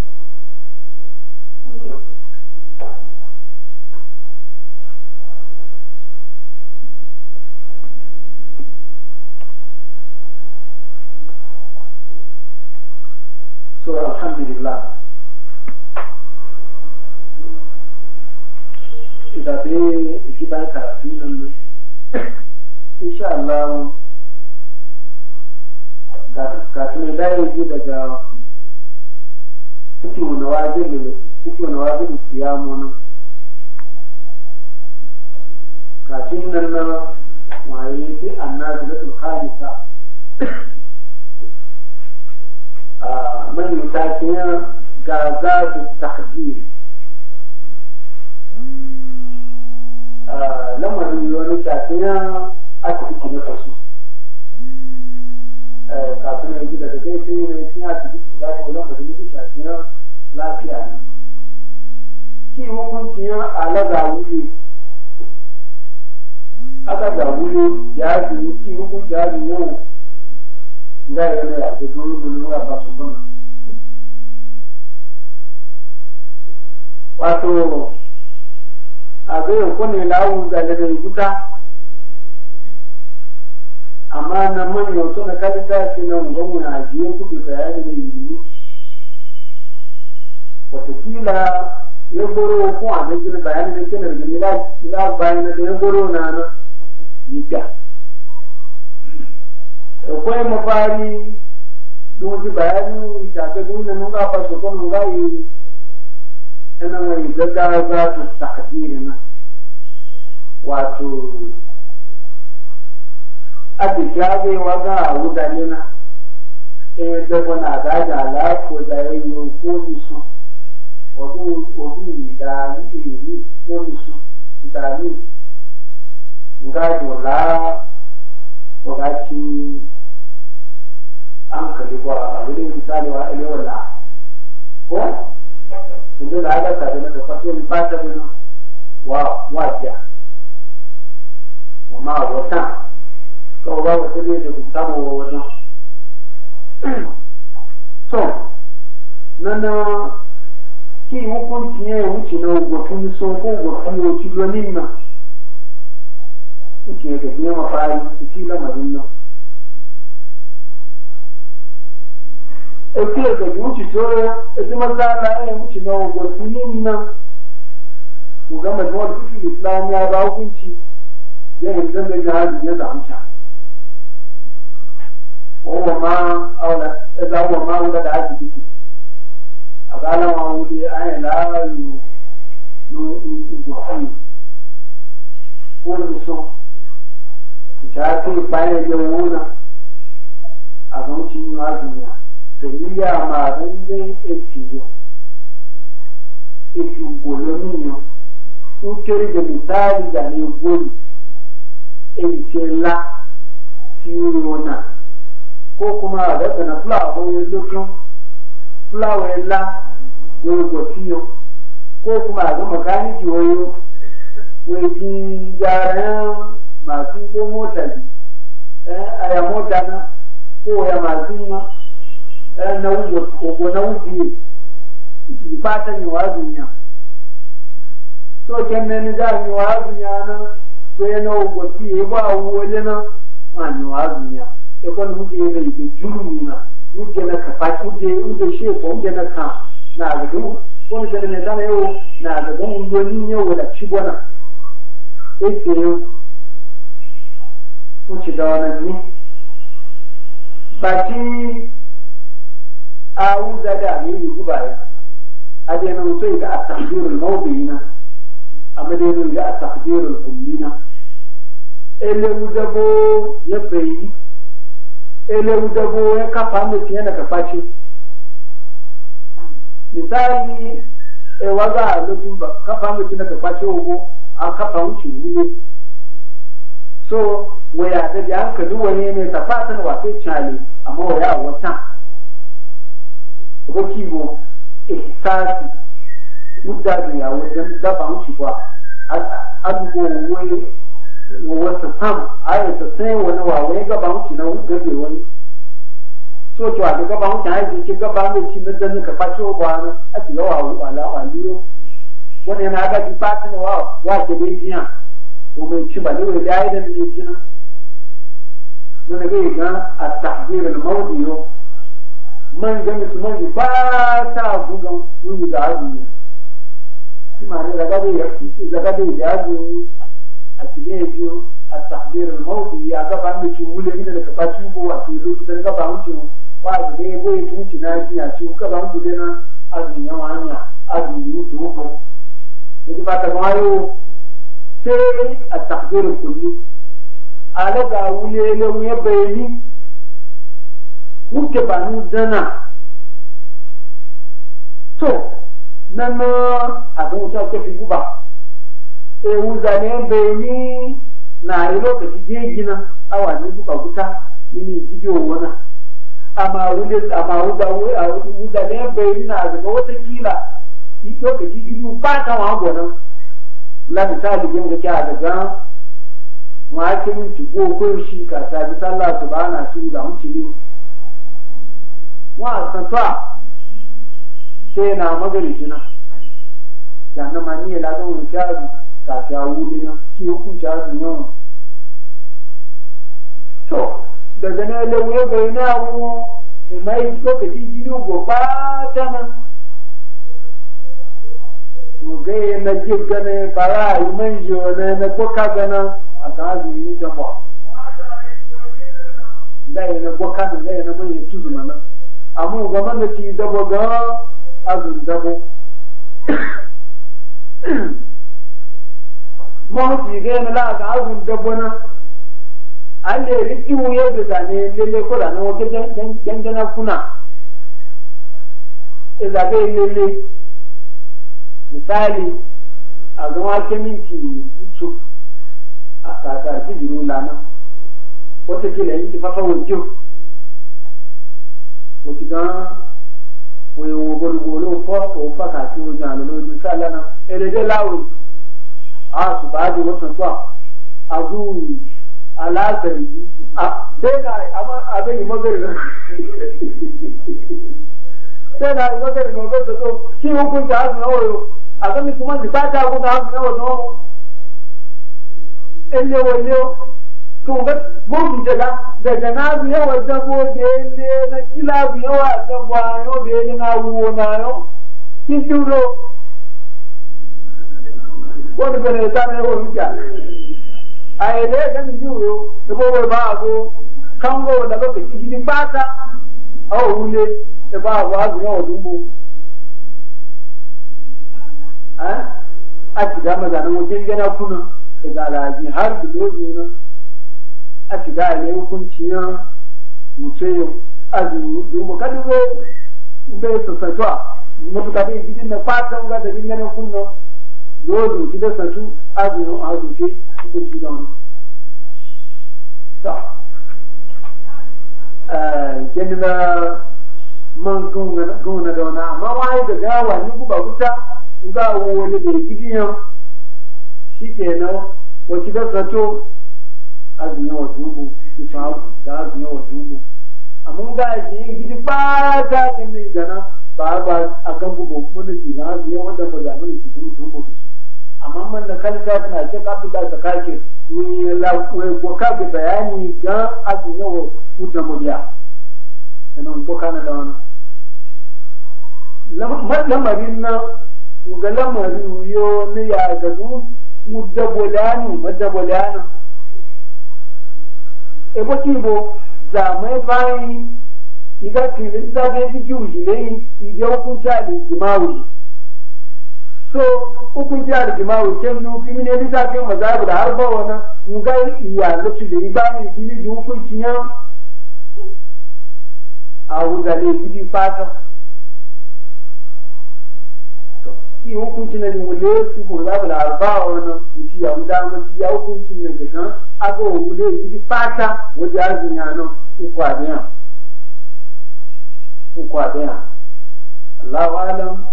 Speaker 3: pé alhamdulillah ìdàbí ìdíbà kàràfin lónìí inshallah kafin dai ji daga cikin na wajibi cikin na wajibi siyamu nan kafin nan na waye fi annabi da khamisa من مساكنة غازات التخدير لما يقولون ساكنة أكو في نفسه kafin yanzu daga zai sun yi mai sun yaki duk guda ko nan ba zai shafi na lafiya ne ki hukunci ya ala ga wuri aka ga wuri ya ji ki hukunci ya ji yau ndaya yone yaje dulu dulu ya ba sokona wato abe ko ne lawu da da yuta amma na man yau to na kada ta ce nan gomu na ajiye ku bi bayani ne yi wata kila ya goro ko a da gina bayani da kina da gina da bayan da ya goro na na yiga kwai mafari dun ji bayani ta ga dun nan ga fa so kun ga yi ana mai gaggawa za ta na wato a ti jage wa ga wudane e na e da bana da da la yi ko ni wato da ni ko ni da ni ga wagaci an kalli ko a wurin misali wa alewar da ko inda da aka tare na da fato mi fata min wa wajiya wa ma wata ko ba wata ne da ku samu wannan to nana ki hukunci ne wuce na gwafin so ko gwafin wuce domin nan ice ya gaɗe ma fari ici lamarin nan ete ga yuci tore ete masala ya wuce na gwasinin nan ku ga mai mawar fikin islamiya ba hukunci ya yi dan da jihadi ya zamta wa ma aula da wa ma aula da ake biki a galama wuri an yi no in ko da so shafi bayan yawona abincin yawa duniya da yiya magan zai efiyo efi goloniyo in kiri da misali da ne goli efice la tiyona ko kuma a daga na fulawa ko ya lokin fulawa ya la ya yi gotiyo ko kuma a ga makaniki wayo wajen gyaran masu ko mota ne eh, a ya mota na ko ya masu ma eh, na wujo ko na ne ki fata ne wa duniya so ken ne ni zai wa duniya na ko ya na wugo ki ya ba wole na ma ni wa duniya e kon ni wuji ne ki jurumi na wuji na ka fa wuji wuji she ko wuji na ka na ga du ko ne da ne da na yo na ga gon ni ne wala ci bona e ke wuce da wani ne bati awu zaga ne yi guba ya a dai nan so ga at-taqdirul mawdina amma ele udabo ya bayi ele udabo ya kafa mu tiyana kafa ce misali e waga lojumba kafa mu tiyana kafa ce ogo a kafa wuce ne so waya ta ji an ka duwa ne ta fatan wato amma waya wata ko kibo ihsasi eh, mudda da ya wajen gaba mu shi an go wai wata sam ta sai wani wa gaba mu shi na gabe wani so to a gaba mu ta haji ki gaba mu shi na dan ka fashe wa wani a ci lawa wala wala wani yana ga ji fatan wa wa ke da o mentibaleu ele aira de medina no negrigã a tardira no mal de eu manjame tu manjo quarta aguga no lugar de mim que maneira da cadeira que da cadeira de mim a tigre de eu a tardira no mal de eu a capa me tinha mulher que era capaz de boa que eu tudo era capaz de eu quase bem boa e tudo tinha a tia tinha o capaz de eu na a minha mãe a minha tudo ele vai tomar o sai a takdirin kulli alaga wuye ne wuye bayani wuke ba ni dana to nan a ga wuce ake fi guba e wuza ne bayani na yi lokaci gegina awa ne buka guta mini bidiyo wana amma wuce amma wuza ne bayani na daga watakila lokaci bidiyo ba ta wa gwanan la ta da ga kya ga ma kin ci go ko shi ka ta bi sallah subhana shi da mun cili wa ta ta sai na magari jina ya na ma ni la ga mun kya du ka ta wuri na ki ku ja du no to daga na lawo ga na mu mai lokaci jiyo go ba ta nan mugaye na jirga ne bara yi manjo wane na boka gana a gazu yi da ba da yi na boka ne da yi na manyan tuzu mana amma ga man da ci dabo ga azun dabo mahuci ga na la ga azun dabo na an da yi iwu yadda zane lele kula na wajen dangana kuna Ezabe lele misali a zama ke minti hutu a kasar fijiru lana wata kila yi fafa wajen wata gan wòye wò gbólógbòló fọ òfa kàti ojú àná lójú sálẹ náà a láwùjọ àṣùbàdì wọn tuntun àdúrà aláàbẹ̀yí àbẹ́yà àbẹ́yì mọ́bẹ̀rẹ̀ náà sẹ́nà ìmọ̀bẹ̀rẹ̀ náà bẹ́ẹ̀ tó kí wọ́n kún jà á sùn náà wọ̀ yóò. àtọ́mi tí wọ́n ti pàṣẹ àgùntàn àwọn ọmọ ọ̀dọ́ wọn eléwo eléwo tó ń bẹ gbóògùn jẹ̀dá dẹ̀gẹ̀ náà bí yẹn wọ́n jẹ́ bó de ilé na kílá bí yẹn wọ́n àjẹ́ bó de ilé náà wúwo náà yọ kí dúró wọ́n ti bẹ̀rẹ̀ sáré wọ́n ti jà àyẹ̀lẹ́ ẹ̀jẹ̀ mi yìí wò ẹ̀bọ̀ wọ́n bá a bó káwọn wọ́n dàgbà kẹ̀kẹ́ gidi pátá ọ̀ wúlé ẹ̀bọ̀ àwọn àgbẹ̀ náà ọ̀dún bó. Eh? a shiga mazanin wajen gana kuna daga alhaji har da dozi na a shiga a nemi hukunci na mutuyo a zuru dumbo kan zo bai sassatuwa mafuka bai gidin na fatan ga da bin gana kuna dozi ki da sassatu a zuru a zuwa hukunci da wani. Eh, gina man gona da wani amma wani da gawa ni guba wuta ga wani da gidiyan shi ke kenan wace da zato azumin wata rubu isa ga azumin wata rubu amma ga yi gidi ba ta ta mai gana ba ba a kan gubo wani ci na azumin wanda ba zaɓi da cikin rubu su amma man da kalita na ce kafin da ta kake mun yi lakwai ko kafin bayani ga azumin wata rubu sannan ko kana da wani lamarin nan nga lamari yo ne ya gazu mu dabulani ma dabulani. e bo ti bo za mai bai iga ti ne za be ti ju ji ne i je ku ta di jimawi so ku ku ta di jimawi ken nu ki ne ni ta ke mazabu da har ba wana mu ga iya lutu da iba ni ki ni ju ku ci nya a wuzale gidi fata ki hukunci na wule su ko za mu a wannan kuci ya mu dama ci ya hukunci ne ga nan aka wule ki fata waje azin ya nan uku adiyan uku adiyan Allahu alam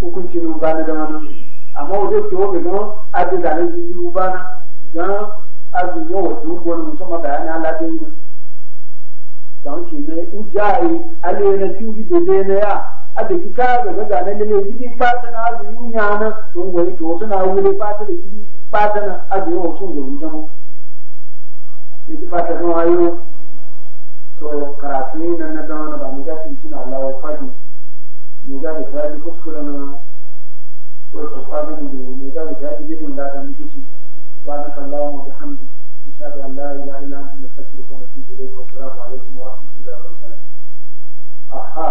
Speaker 3: hukunci mun bani da wannan amma waje to ga nan adin da ne ji mu bana dan azin yau wato gwan mutum ma bayani Allah dai ne dan ne ujayi alena tuwi de na ya ada kita daga ganan ne gidi fata na azu yunya na tun wani to suna wuri fata da gidi fata na azu yawa tun gori da mu gidi fata sun ayo so karatu ne nan na dama na ba ni gashi suna Allah fadi ni ga da tabi kuskure na so to fadi mu da ni ga da tabi gidin da da mutunci wa na sallahu wa bihamdi ashhadu an la ilaha illa anta astaghfiruka wa atubu wa assalamu alaikum wa rahmatullahi wa barakatuh aha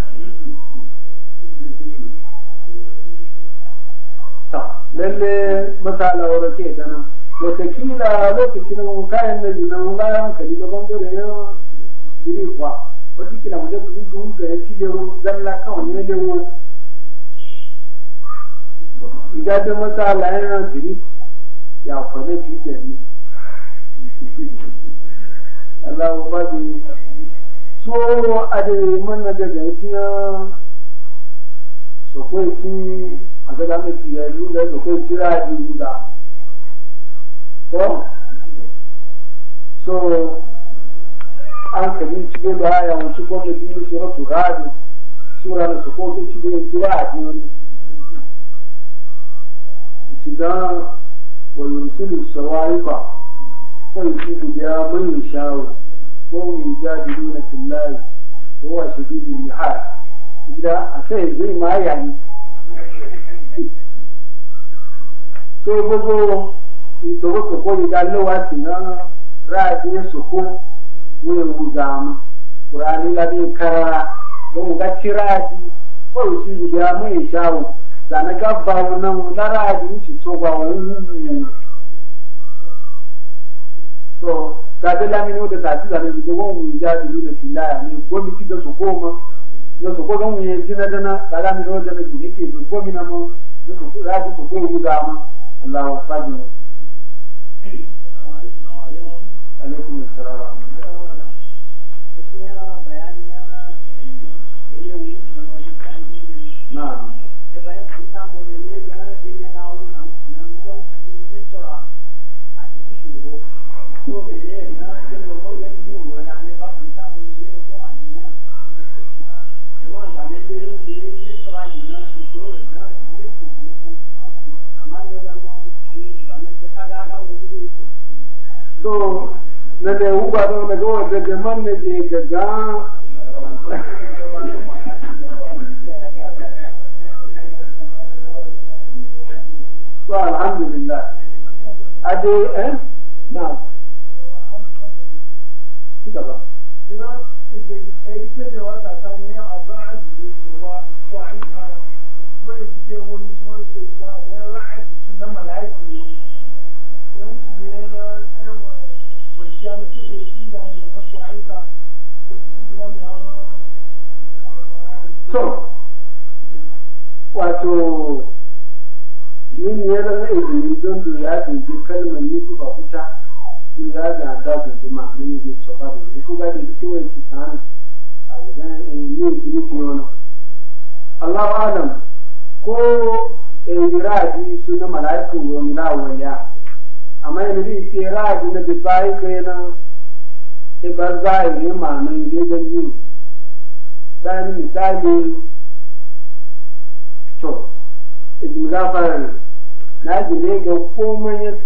Speaker 3: lalle masala wara ke dana watakila lokacin nan kayan na jina mun yan kali ga bangare ya diri kwa watakila mu da gudu ga ya tile mun zalla kawai ne da mu ga da masala ya diri ya kwana ci da ni Allah ba bi so a da yi mana daga tiya so ko ki àtọ́jà méjì yẹn ló ń lẹ́nu pé tíra ẹni ló dà tó so hankali cikin da haya wancin gwamnati ne su rasu rari sura da su ko su ci bai kira a biyu shiga wa yursilu sawaiqa fa yusibu biha man yasha'u wa hum yujadiluna ko wa huwa shadidul mihal idan akai zai ma yayi so gbogbo ìtòwòsòkò yìí dalówà sí náà ráàdì sòkò wọn èwù gàmù kùránì lábẹ kára ga ti ráàdì bọ́ọ̀lù sí ibi àmú ìṣàwò lànàgà bá wọn náà wọn láráàdì ń ti tó wà wọn gàdé lámì ìdìbò wọn wù jáde ló lè fi láyà ní gómìnà ìdìbò gómìnà mọ sòkò اللهم فجر عليكم السلام ورحمة الله so na ne huba don na gawa daga man na je gaga so alhamdulillah ade
Speaker 4: eh na
Speaker 3: kita ba Education was a time, a brand, a swine, a very so wato yin yaran izini don da ya kalmar ni ku ba huta in za ga da da ma mini ne so ba da ku ga da ku wai sana a ga eh ni ki ni ku yono Allahu alam ko e eh, iradi su na malaiku wa mila waliya amma yanzu bi iradi na da bai kai na e ba za yi ma nan dai da ni bayan misali to ibn gafar na ne ga ko manya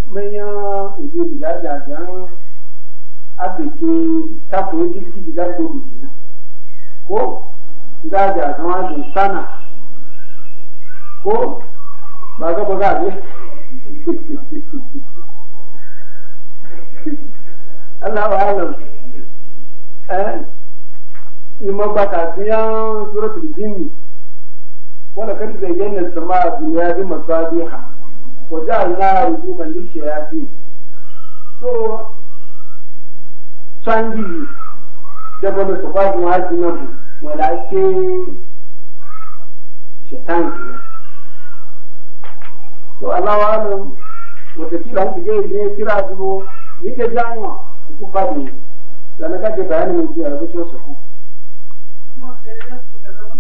Speaker 3: ubi da a abeke tapo jirgi da ko bidina ko ga jajan wajen sana ko ba ga ba ga Allah wa alam eh in ba ka siyan suratul jinni wala kan da yanna samaa dunya bi masabiha wa ja'alna rujuman ya fi so sanji da ba su ba mu haji nan wala ke shaitan ne to Allah wa alam wata kila hanki ga yin kira zuwo ni ke jama'a ku fadi da na kaje bayanin mu ji a rubutun su ku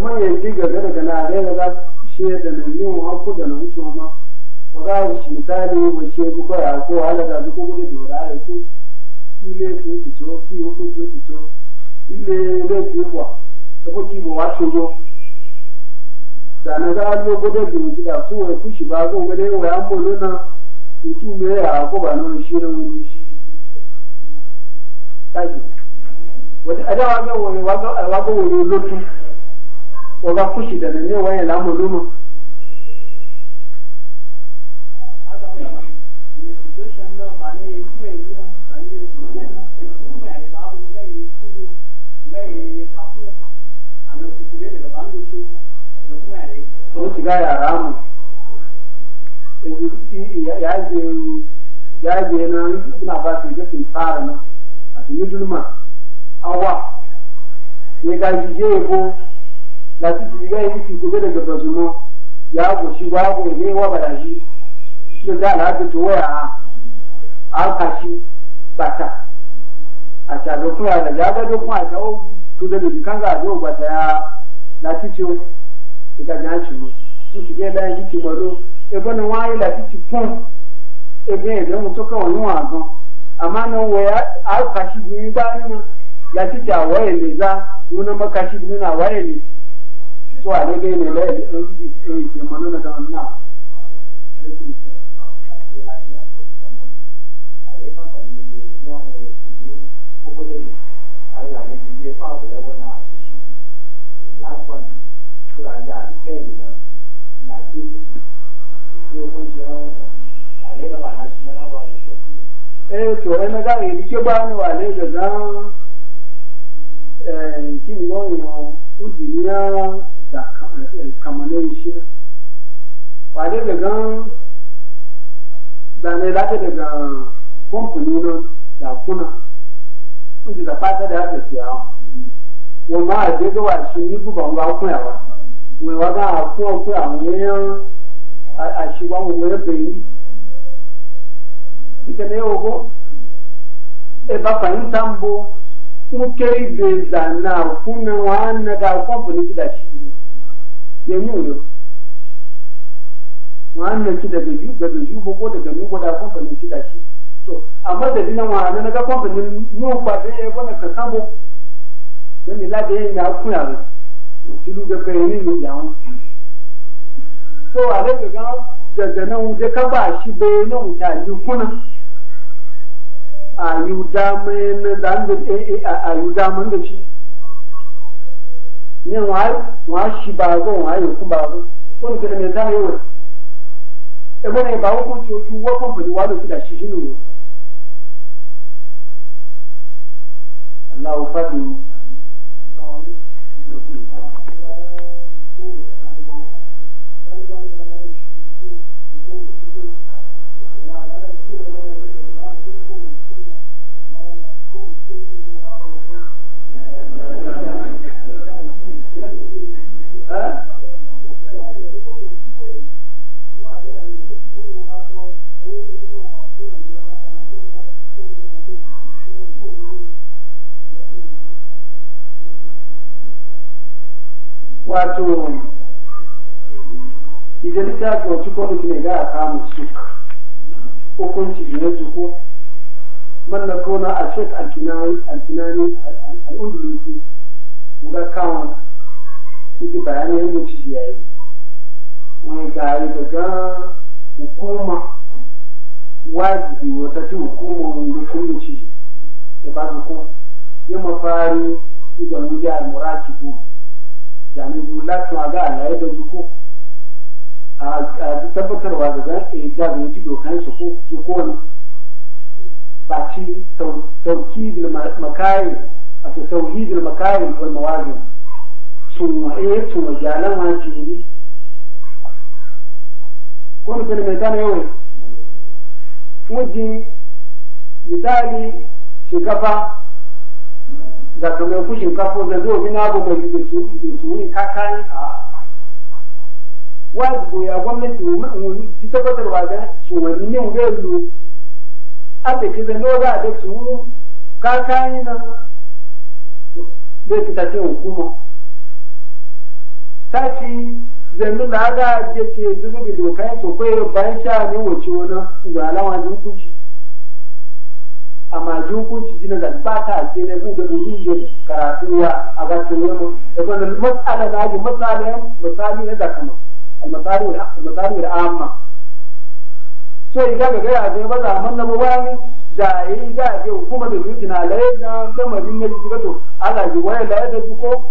Speaker 3: man ndị nke gaga daga e na da ya shi da nan yin hanku da nan to ma wa ga shi misali ya ko hala da ku gudu da wala ya ku ile su ti to ki o ku ti to ile le ti wa na ga lo gudu báyìí ẹ̀dá wa bẹ̀ wòye wa bẹ̀ wòye olótú wọ́n bá kúṣì dẹ̀nà ní ìwọ̀nyẹn lámọ̀ lómọ̀. shiga yara mu yanzu yaje yaje na na ba su ga yidulma awa ya gaji ko yabo da su shiga ya mutu gobe daga bazumo ya goshi babu ya yi wa barashi da za a to waya a ka shi bata a tare kuma da jaga da kuma a kawo to da kan ga ajo bata ya latici ga janci mu su shige da yi kimaro ebe na wani latici kun ebe ya zama to kawai yi wa gan amma nan waya a kashi duni ba nan ya ci ta waye ne za nuna makashi duni na waye ne so a daidai ne la ya ji ke manana da wannan alaikum Thank eh to ai na ga yi ke ba ni wale ga zan eh ki mi won yo udiniya da eh, kamane shi na wale ga zan da ne lati daga kamfani na jakuna inda da fata da haka siya wa ma a je ga washi ni guba ba kuya wa mai waga a kuwa kuya mu yan a shi ba mu mai nkeneoko ebafahinta mbụ nkeibeza na fume nwanne ga akwụkwọ bụ n'ikidachi yenye uyo nwanne ki daga ju daga ju bo ko daga mu da kamfanin ki dashi to amma da dinan wa na ga kamfanin mu ba da ya bana ka sabo dan ni la da ya na ku ya ci lu ga bayani mu yawo so a ga daga nan da ka ba shi bai nan ta yi kuna a yi dama na dan da eh, eh, a yi dama da shi ne wa shi ba zo wa yi kuma ba zo kun da ne da yawa e bane ba ko ci ci wa ko bi wa da shi wato idan littafi wacce kwanu ne ga a kama su hukunci ne su ko mallaka a shek alkinani al'undulusi ga kawon níbi bàyánì ẹ̀yìn ti yẹ ẹ̀ wa gba ibẹ̀ gan hukuma wajibi wata ci hukuma wanda kullum ci ya ba su ko fari mafari idan mu ja almura ci ko jami'in jula tun a ga alaye da zuko a wa da zan iya da zai ci dokan su ko zuko ne ba ci tauki da makayin a tauhidul makayin wal mawazin ثم ايه ثم جعلها جيني كون في الميدان يوم مجي misali shinkafa da ka ku shinkafa da zo mina abu mai da su da su ne kakani a wani goya gwamnati mu ji tabbatar wa da su wani yin gailu a da ke zano za da su kakani na da fitacin hukuma taci zannu da aka je ce duzu da dokai so ko yau bayan sha ne wace wani ga alawa jin kunci amma jin kunci jina da ba ta ce ne buga da yin karatu ya a ga ce wani da kuma matsala da ji matsala misali ne da kuma al-masari al-masari al-amma so idan ga ga ya ba za mun na bawani da yi ga ga hukuma da yuki na laye da samarin ne ji ga to ala ji waya laye da ko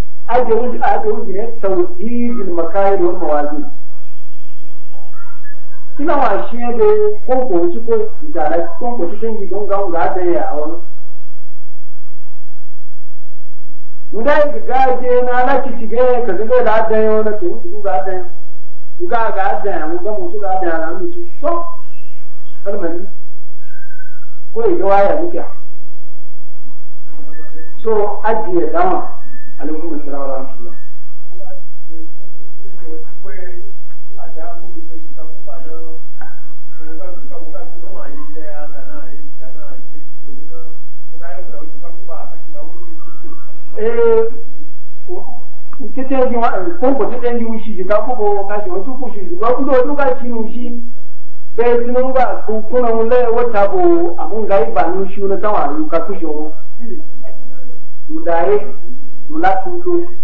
Speaker 3: أجل أجل من توحيد kina wa shi ne ko ga da ya a wani nda yi ga na na ci ci ka da ga ga ga ga na so kalmani ko yi ga waya so ajiye dama aleykum salaam wa rahmatulah. tete wa pompo tete ndi ushiji kakuko kashi watuku ushiji wakundo watuka chini ushi be tinonga kukuna mule watabo amunga iba nushi unatawa yukakusho mudaye láti lóyún.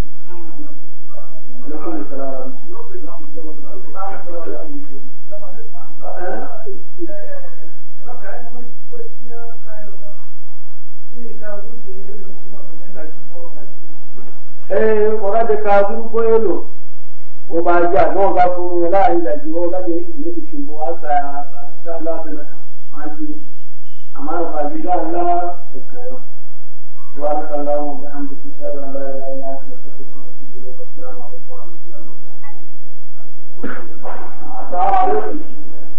Speaker 3: ee ọ̀gáde ka ụba èlò ó máa jẹ àgbọn ọ̀gá fún un láàrin ìdájú ọ̀gáde méjì na mú ndị àgbà láti ma سبحانك اللهم وبحمدك نشهد ان لا اله الا انت نستغفرك ونتوب اليك والسلام عليكم ورحمه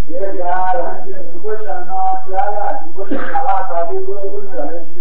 Speaker 3: يا جماعه الحمد لله. شكرا لله.